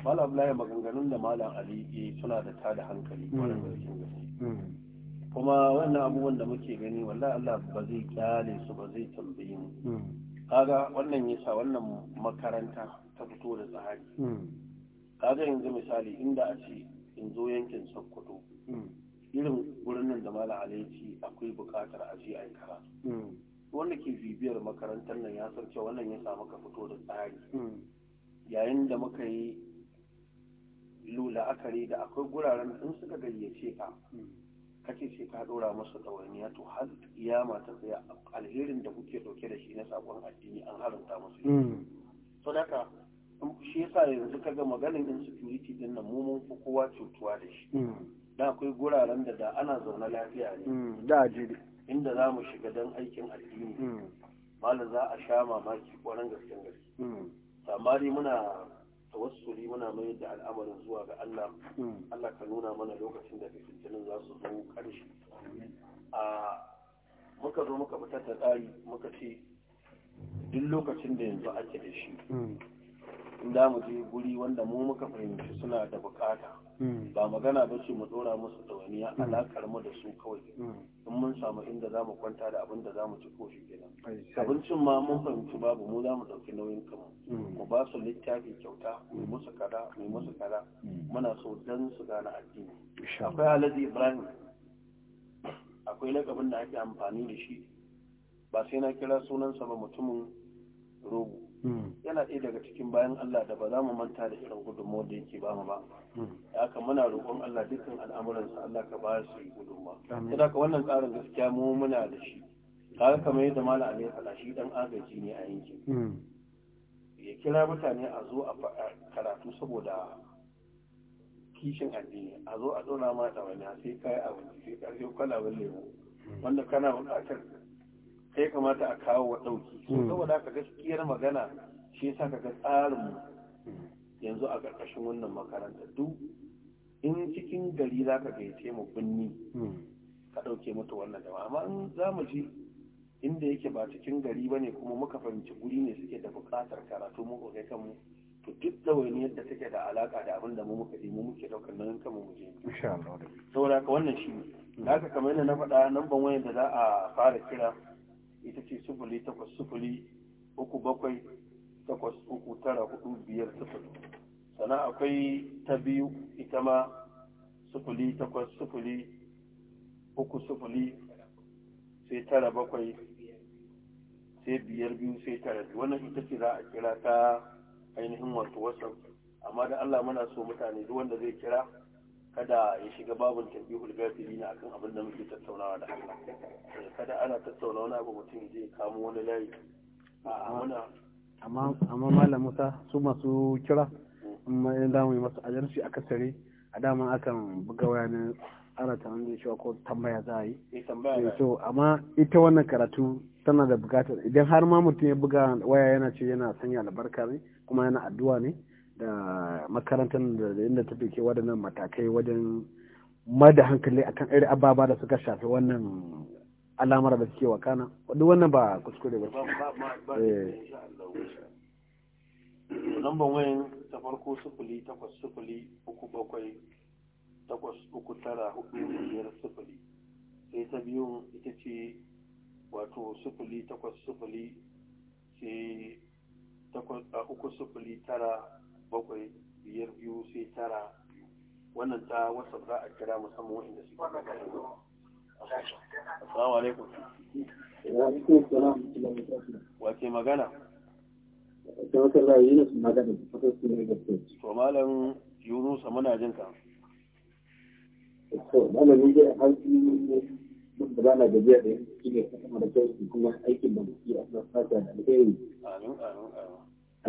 malam layi maganganun da malam ali suna da tada hankali hmm. hmm. kuma wannan abubuwan da muke gani wallahi Allah ba zai kyale su ba zai tambaye mu kaga wannan yasa wannan makaranta ta fito da tsari hmm. kaga yanzu misali inda a ce in zo yankin sokoto hmm. irin gurin nan da mala alaiki akwai bukatar a je hmm. wanda ke bibiyar makarantar nan ya san cewa wannan ya samu ka fito da tsari yayin da muka yi lula akari da akwai guraren in suka gayyace ka kace sai ka dora masa ɗawainiya to har kiyama ta tsaya alherin da kuke ɗauke da shi na sakon addini an haramta musu mm. so daga shi yasa yanzu ka ga maganin insecurity din nan mu mun fi kowa cutuwa da shi mm. da akwai guraren da da ana zaune lafiya ne mm. da ajiri inda za mu shiga don aikin addini malam za a sha mamaki kwarin gaske gaske amma muna tawassuli muna mai da al'amarin zuwa ga Allah hmm. Allah ka nuna mana lokacin da fitintunan za su zo ƙarshe a muka zo muka fitar da tsari muka ce duk lokacin da yanzu ake da shi hmm. in da mu je guri wanda mu muka fahimci suna da bukata hmm. ba magana ba ce mu dora musu wani hmm. alakar mu da su kawai hmm. in mun samu inda za mu kwanta da abin da za mu ci ko shi kenan abincin ma mun fahimci babu mu za mu ɗauki nauyin kanmu mu ba su littafi kyauta mu musu kada mu musu kada muna so dan su gane addini akwai alhaji ibrahim akwai lakabin da ake amfani da shi ba sai na kira sunansa ba mutumin rogo Mm. yana ɗaya daga cikin bayan Allah da ba za mu manta da irin gudunmu da yake ba mu ba ya mm. aka muna roƙon Allah dukkan al'amuransa Allah ka ba su ya ka wannan tsarin gaskiya mu muna da shi ga kamar yadda malam Ali ya faɗa shi dan agaji ne a yankin mm. ya kira mutane a zo a karatu saboda kishin addini a zo a ɗora mata wani sai kayi abinci sai ƙarfi kwalabin lemu wanda kana buƙatar sai kamata a kawo wa ɗauki hmm. saboda ka gaskiyar magana shi yasa ka ga tsarin yanzu a ƙarƙashin wannan makaranta duk in cikin gari za ka gaice mu binni hmm. ka ɗauke mutu wannan dama amma in za mu ji inda yake ba cikin gari ba ne kuma muka fahimci guri ne suke da buƙatar karatu mu kai kanmu to duk ɗawainiyar yadda take da alaƙa da abin da mu muka mu muke ɗaukar nan kan mu je saboda ka wannan shi ne Na hmm. ka kamar yadda na faɗa nan ban wayan da za a fara kira ita ce sufuli takwas sufuli uku bakwai takwas uku tara hudu biyar sufuli sana akwai ta biyu ita ma sufuli takwas sufuli uku sufuli sai tara bakwai sai biyar biyu sai tara wannan ita ce za a kira ta ainihin wato wasan amma da Allah muna so mutane duk wanda zai kira kada ya shiga babin tambihul gafiri na akan abin da muke tattaunawa da Allah kada ana tattauna wani abu mutum zai kamo wani layi a muna amma amma malam Musa su masu kira amma in zamu yi masa ajarci aka sare a dama akan buga waya ne ana tunanin da shi ko tambaya za a yi so eh, amma ita wannan karatu tana da bukatar idan har ma mutum ya buga waya yana ce yana sanya albarka ne kuma yana addu'a ne da makarantar da inda ta ke waɗannan matakai wajen mada hankali akan iri ababa da suka shafi wannan alamar da suke wakana duk wannan ba kuskure ba eh. lambar wayan ta farko sufuli takwas sufuli uku bakwai takwas uku tara hudu biyar sufuli sai ta biyu ita ce wato sufuli takwas sufuli sai takwas a uku sufuli tara bakwai biyar biyu sai tara biyu wannan ta wasu za a kira musamman wa'inda su kuma ba. Assalamu alaikum. Wace magana? Ta wata la Yunus magana da fatar To malam Yunus muna jin ka. kuma aikin da muke a cikin fata da alheri.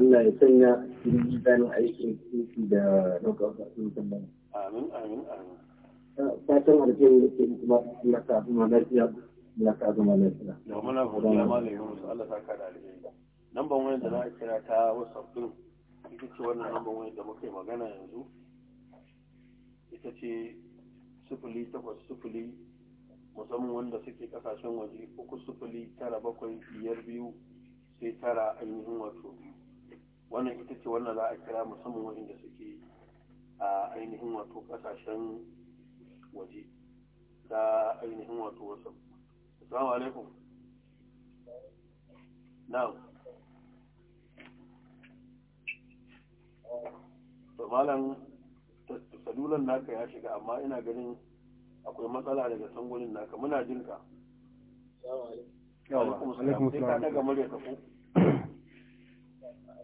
Allah ya sanya cikin aiki aikin kirki da ɗaukar kasuwar ba. Amin, amin, amin. Fatan alheri da ke kuma Allah ta zama lafiya, Allah ta zama lafiya. Da muna godiya yi Yunus Allah ta ka kada alheri. Namban wani da za a kira ta wasu din ita ce wannan namban wani da muka yi magana yanzu. Ita ce sufuli takwas sufuli musamman wanda suke kasashen waje uku sufuli tara bakwai biyar biyu sai tara ainihin wato biyu. wannan ita ce wannan za a kira musamman wa'inda suke a ainihin wato kasashen waje ta ainihin wato wasu assalamu alaikum na'am to malam sadulan naka ya shiga amma ina ganin akwai matsala daga sangonin naka muna jinka alaikum salam alaikum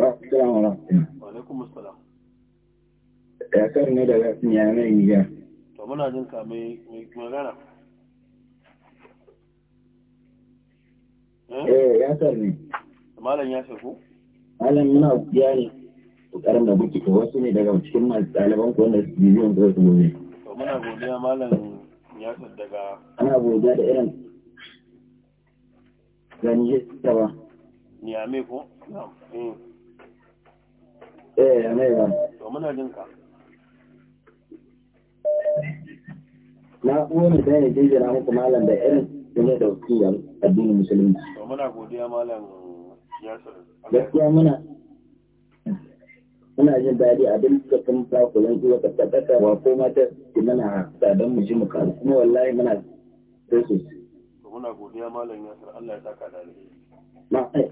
Assalamu alaikum. Wa Ya kar ne daga Nyamai Niger. To muna jin ka mai magana. Eh? Eh, ya kar Malam ya shafu? Malam muna bayani da muke ko wasu ne daga cikin masu ɗaliban ko wanda su su gobe. To muna godiya malam ya daga Ana godiya da irin gani ya ba. Nyame ko? Eh, na amaiwa to muna maku ka na uwani ne muku malam da irin game da wakiliyar addinin musulunci muna godiya malam yasir gaskiya muna muna jin daɗi abin da kun ba tabbata wa ko mata ki mana tsadan mu ji mu kuma wallahi muna sai sosai muna godiya malam yasir Allah ya saka da Eh,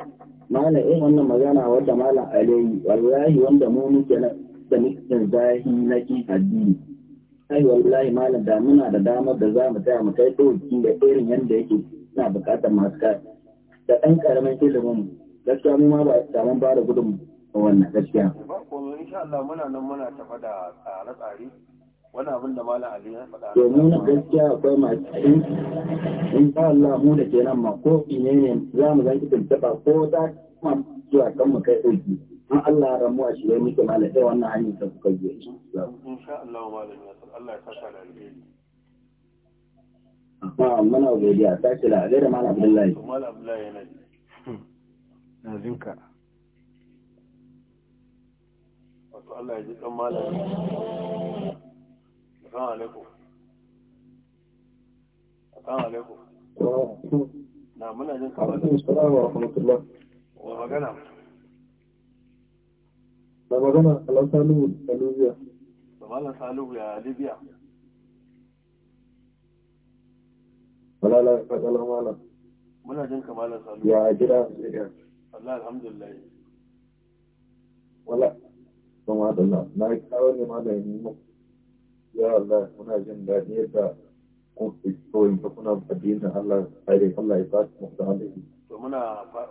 Mala in wannan magana wadda Mala Aliyu, wallahi wanda mu muke da mutum zahi na ki addini. Ai wallahi Mala da muna da damar da za mu taya mu kai ɗauki da irin yadda yake na buƙatar masu kai. Da ɗan ƙaramin ilimin gaskiya mu ma ba samun ba da gudun wannan gaskiya. Ba ko insha Allah muna nan muna tafa da tsare-tsare wani domin na gaskiya akwai masu in in ta Allah mu da ke nan ma ko ine ne za mu zaki tuntuɓa ko za ma zuwa kan mu kai ɗauki In Allah ramu a shirye muke malam sai wannan hanyar ta kuka biyo insha Allah malam ya Allah ya da alheri amma muna godiya ta ce da malam Abdullahi malam Abdullahi yana na wato Allah ya ji malam Assalamu Na muna magana. Da magana Salihu da Libya. Da Malam Salihu ya Libya. Malala Fatsalar Malam. Muna jin kamalar Salihu. Ya gida Libya. Allah alhamdulillah. Wala. Kuma da na kawo ne mu. ya Allah muna jin daɗi yadda ta'u-in ta kuna addinin Allah sai Allah ya sa mu da alheri to muna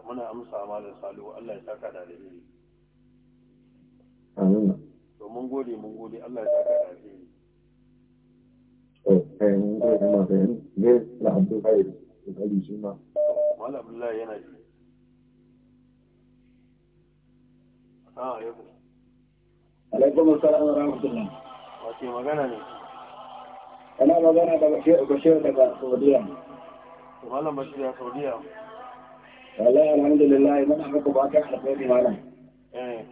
muna amsa malam salihu Allah ya saka da alheri amin to mun gode mun gode Allah ya saka da alheri eh mun gode ma da ne la abdu khair da ali shi ma malam Abdullahi yana ji ah yau alaikum assalam wa rahmatullah wace magana ne ana magana da bashir daga saudiya malam bashir ya saudiya wallahi alhamdulillah muna maka ta alkhairi malam eh.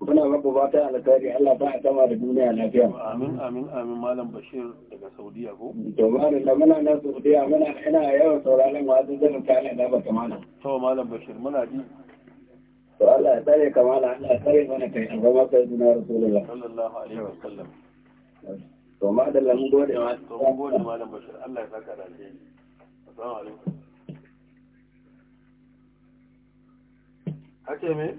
muna maka ta alkhairi Allah ba a sama da duniya lafiya amin amin amin malam bashir daga saudiya ko to malam da muna nan saudiya muna ina yawan sauraron wasu zanin kana da ba malam to malam bashir muna ji to Allah kamala Allah ya mana kai sai alaihi to ma da gode ma to mun gode malam bashir Allah ya saka da alheri assalamu alaikum Ake me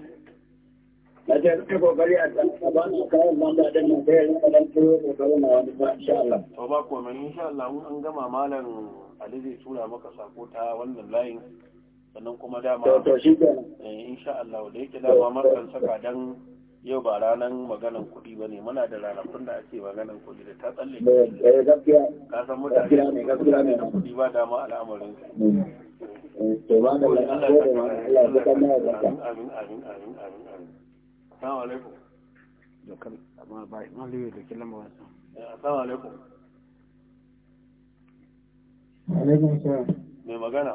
na ce ka kokari a tsaban kayan lamba da nan da yin kadan turo ko kawo wani ba insha Allah to ba ko men insha Allah mun an gama malam Ali zai tura maka sako ta wannan layin sannan kuma dama to shi eh, insha Allah da yake dama markan saka dan yau ba ranar maganan kuɗi ba ne muna da ranakun da ake maganan kuɗi da ta tsalle eh, eh, ka san mutane ne gaskiya ne kuɗi ba dama al'amarin assalamu alaikum alaikum magana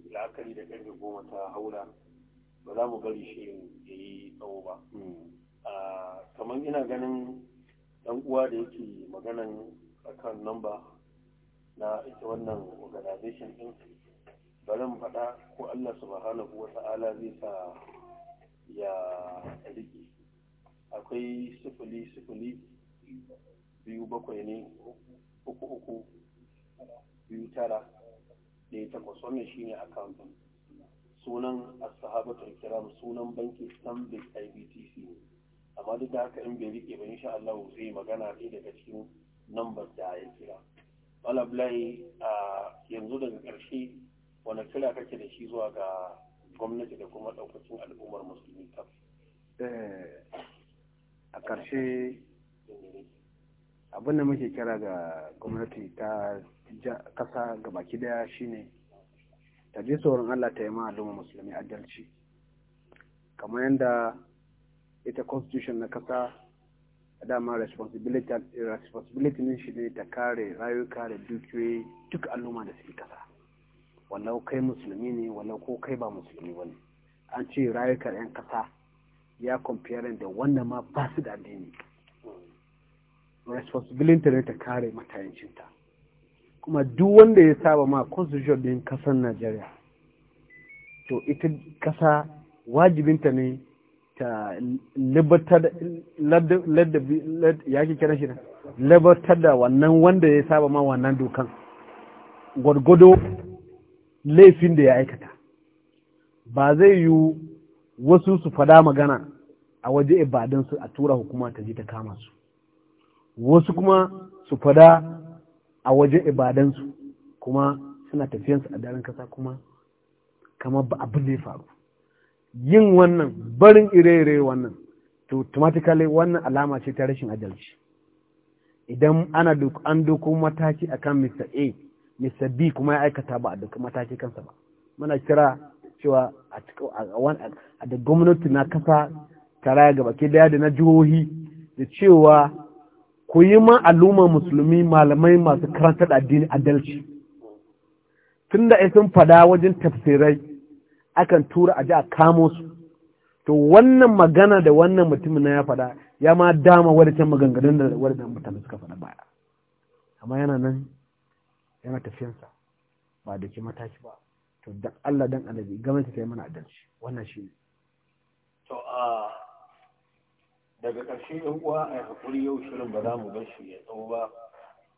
la'akari da ƙarfe goma ta haura ba za mu bari shi ya yi tsawo ba hmm. ah, kamar ina ganin ɗan uwa da yake maganan akan namba na ita wannan organization ɗin bari mu faɗa ko Allah subhanahu wa ta'ala zai sa ya riƙe akwai sifili sifili biyu bakwai ne uku uku biyu tara ya takwas wannan shine account din sunan ashabatul kiram sunan banki stanbic ibtc ne amma duk da haka in bai rike ba insha Allah zai magana ɗaya daga cikin nambar da ya kira malablai a yanzu daga ƙarshe wani kira kake da shi zuwa ga gwamnati da kuma ɗaukacin al'ummar musulmi kaf eh, a ƙarshe abin da muke kira ga gwamnati ta kasa ga baki daya shine ta ji tsoron Allah ta yi al'umma musulmi adalci kamar yadda ita constitution na kasa dama responsibility ne shi ne ta kare rayuka da dukiyoyi duk al'umma da suke kasa wallau kai musulmi ne wallau ko kai ba musulmi wani an ce rayuka 'yan kasa ya compare da wanda ma ba su da addini responsibility ne ta kare matayancinta kuma duk wanda ya saba ma constitution din kasar Najeriya to ita kasa wajibinta ne ta labatar ya da wannan wanda ya saba ma wannan dokan gwargwado laifin da ya aikata ba zai yi wasu su fada magana a waje ibadansu a tura hukuma ta ji ta kama su wasu kuma su fada a wajen ibadansu kuma suna tafiyansu a daren kasa kuma kamar ba abin da ya faru yin wannan barin ire-ire wannan to automatically wannan alama ce ta rashin adalci idan ana an doko mataki akan Mr. A Mr. B kuma ya aikata ba a doko mataki kansa ba muna kira cewa a cikin da gwamnati na kasa tara gaba ke daya da na jihohi da cewa ku yi ma al'umma musulmi malamai masu karanta addini adalci tun da sun fada wajen tafsirai akan tura a ji a kamo su to wannan magana da wannan mutumin ya fada ya ma dama can maganganun da wadannan mutane suka fada baya amma yana nan yana tafiyansa ba da ke mataki ba to da Allah dan annabi gwamnati ta yi mana adalci wannan shi ne ah, daga ƙarshe yan uwa a yi hakuri yau shirin ba za mu bar shi ya tsawo ba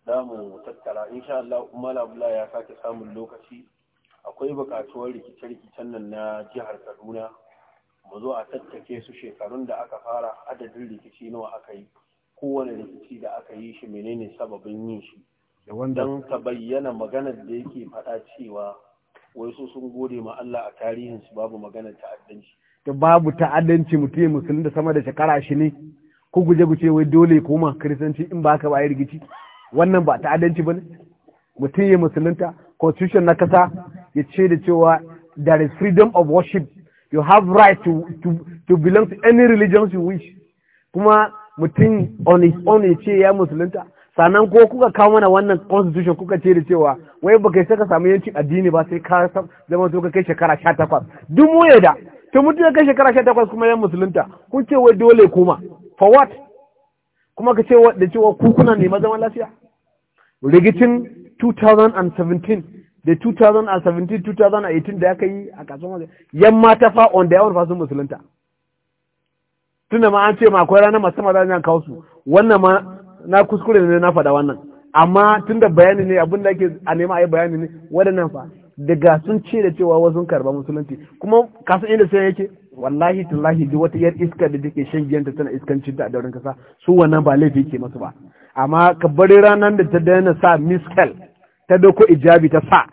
za mu tattara insha Allah Umar labula ya sake samun lokaci akwai buƙatuwar rikice-rikicen nan na jihar Kaduna mu zo a tattake su shekarun da aka fara adadin rikici nawa aka yi kowane rikici da aka yi shi menene sababin yin shi don ka bayyana maganar da yake faɗa cewa wai su sun gode ma Allah a tarihin su babu maganar ta'addanci to babu ta'addanci mutum musulun da sama da shekara shi ne ko guje guje wai dole koma kristanci in ba ka ba rigici wannan ba ta'addanci bane mutum ya musulunta constitution na kasa ya ce da cewa there is freedom of worship you have right to to to belong to any religion you wish kuma mutum on his own ya ce ya musulunta sannan ko kuka kawo mana wannan constitution kuka ce da cewa wai baka sai ka samu yancin addini ba sai ka zama to ka kai shekara 18 duk mu da to mutu ya kai shekara sha takwas kuma ya musulunta kun ce wai dole kuma for what kuma ka ce da cewa ku kuna neman zaman lafiya rigicin 2017 da 2017 2018 da ya kai a kasuwan yamma ta fa on da yawon fasin musulunta tunda ma an ce ma akwai ranar masu maza na kawo su wannan ma na kuskure ne na faɗa wannan amma tunda bayani ne abin da ake a nema a yi bayani ne waɗannan fa daga sun ce da cewa wasu karba musulunci kuma kasan inda sai yake wallahi tallahi duk wata yar iska da take shan giyanta tana iskancin da a daurin kasa su wannan ba laifi ke masu ba amma ka bari ranar da ta daina sa miskel ta doko ijabi ta sa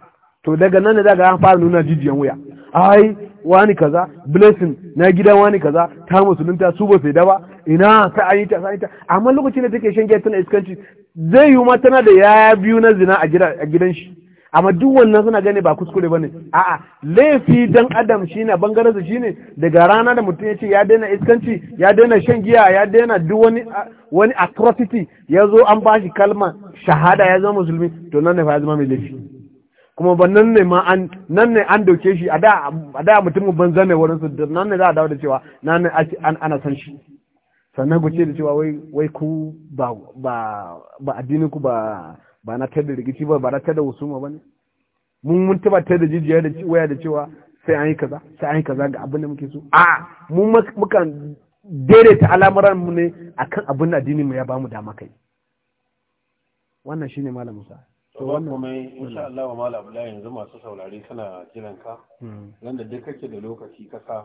to daga nan da daga an fara nuna jijiyan wuya ai wani kaza blessing na gida wani kaza ta musulunta su ba sai da ba ina sai ayi ta sai ta amma lokacin da take shan giyanta tana iskanci zai yi ma tana da yaya biyu na zina a gidan shi amma duk wannan suna gane ba kuskure ba bane a'a laifi dan adam shine bangaren su shine daga rana da mutum ya ce ya daina iskanci ya daina shan giya ya daina duk wani wani atrocity ya zo an bashi kalma shahada ya zama musulmi to nan ne fa zama mai laifi kuma ba nan ne ma nan ne an dauke shi a da a da banza ne wurin su nan ne za a dawo da cewa nan ne an ana san shi sannan ku ce da cewa wai ku ba ba ku ba ba na tada rikici ba ba na tada husuma ba ne mun mun tabbatar da jijiya da waya da cewa sai an yi kaza sai an yi kaza ga abin da muke so a mun mukan daidaita al'amuran mu ne akan abin addini mu ya bamu dama kai wannan shine malam Musa to wannan kuma insha mm. Allah wa malam Abdullahi yanzu masu saurare suna jiran ka mm. nan da duk kake da lokaci kasa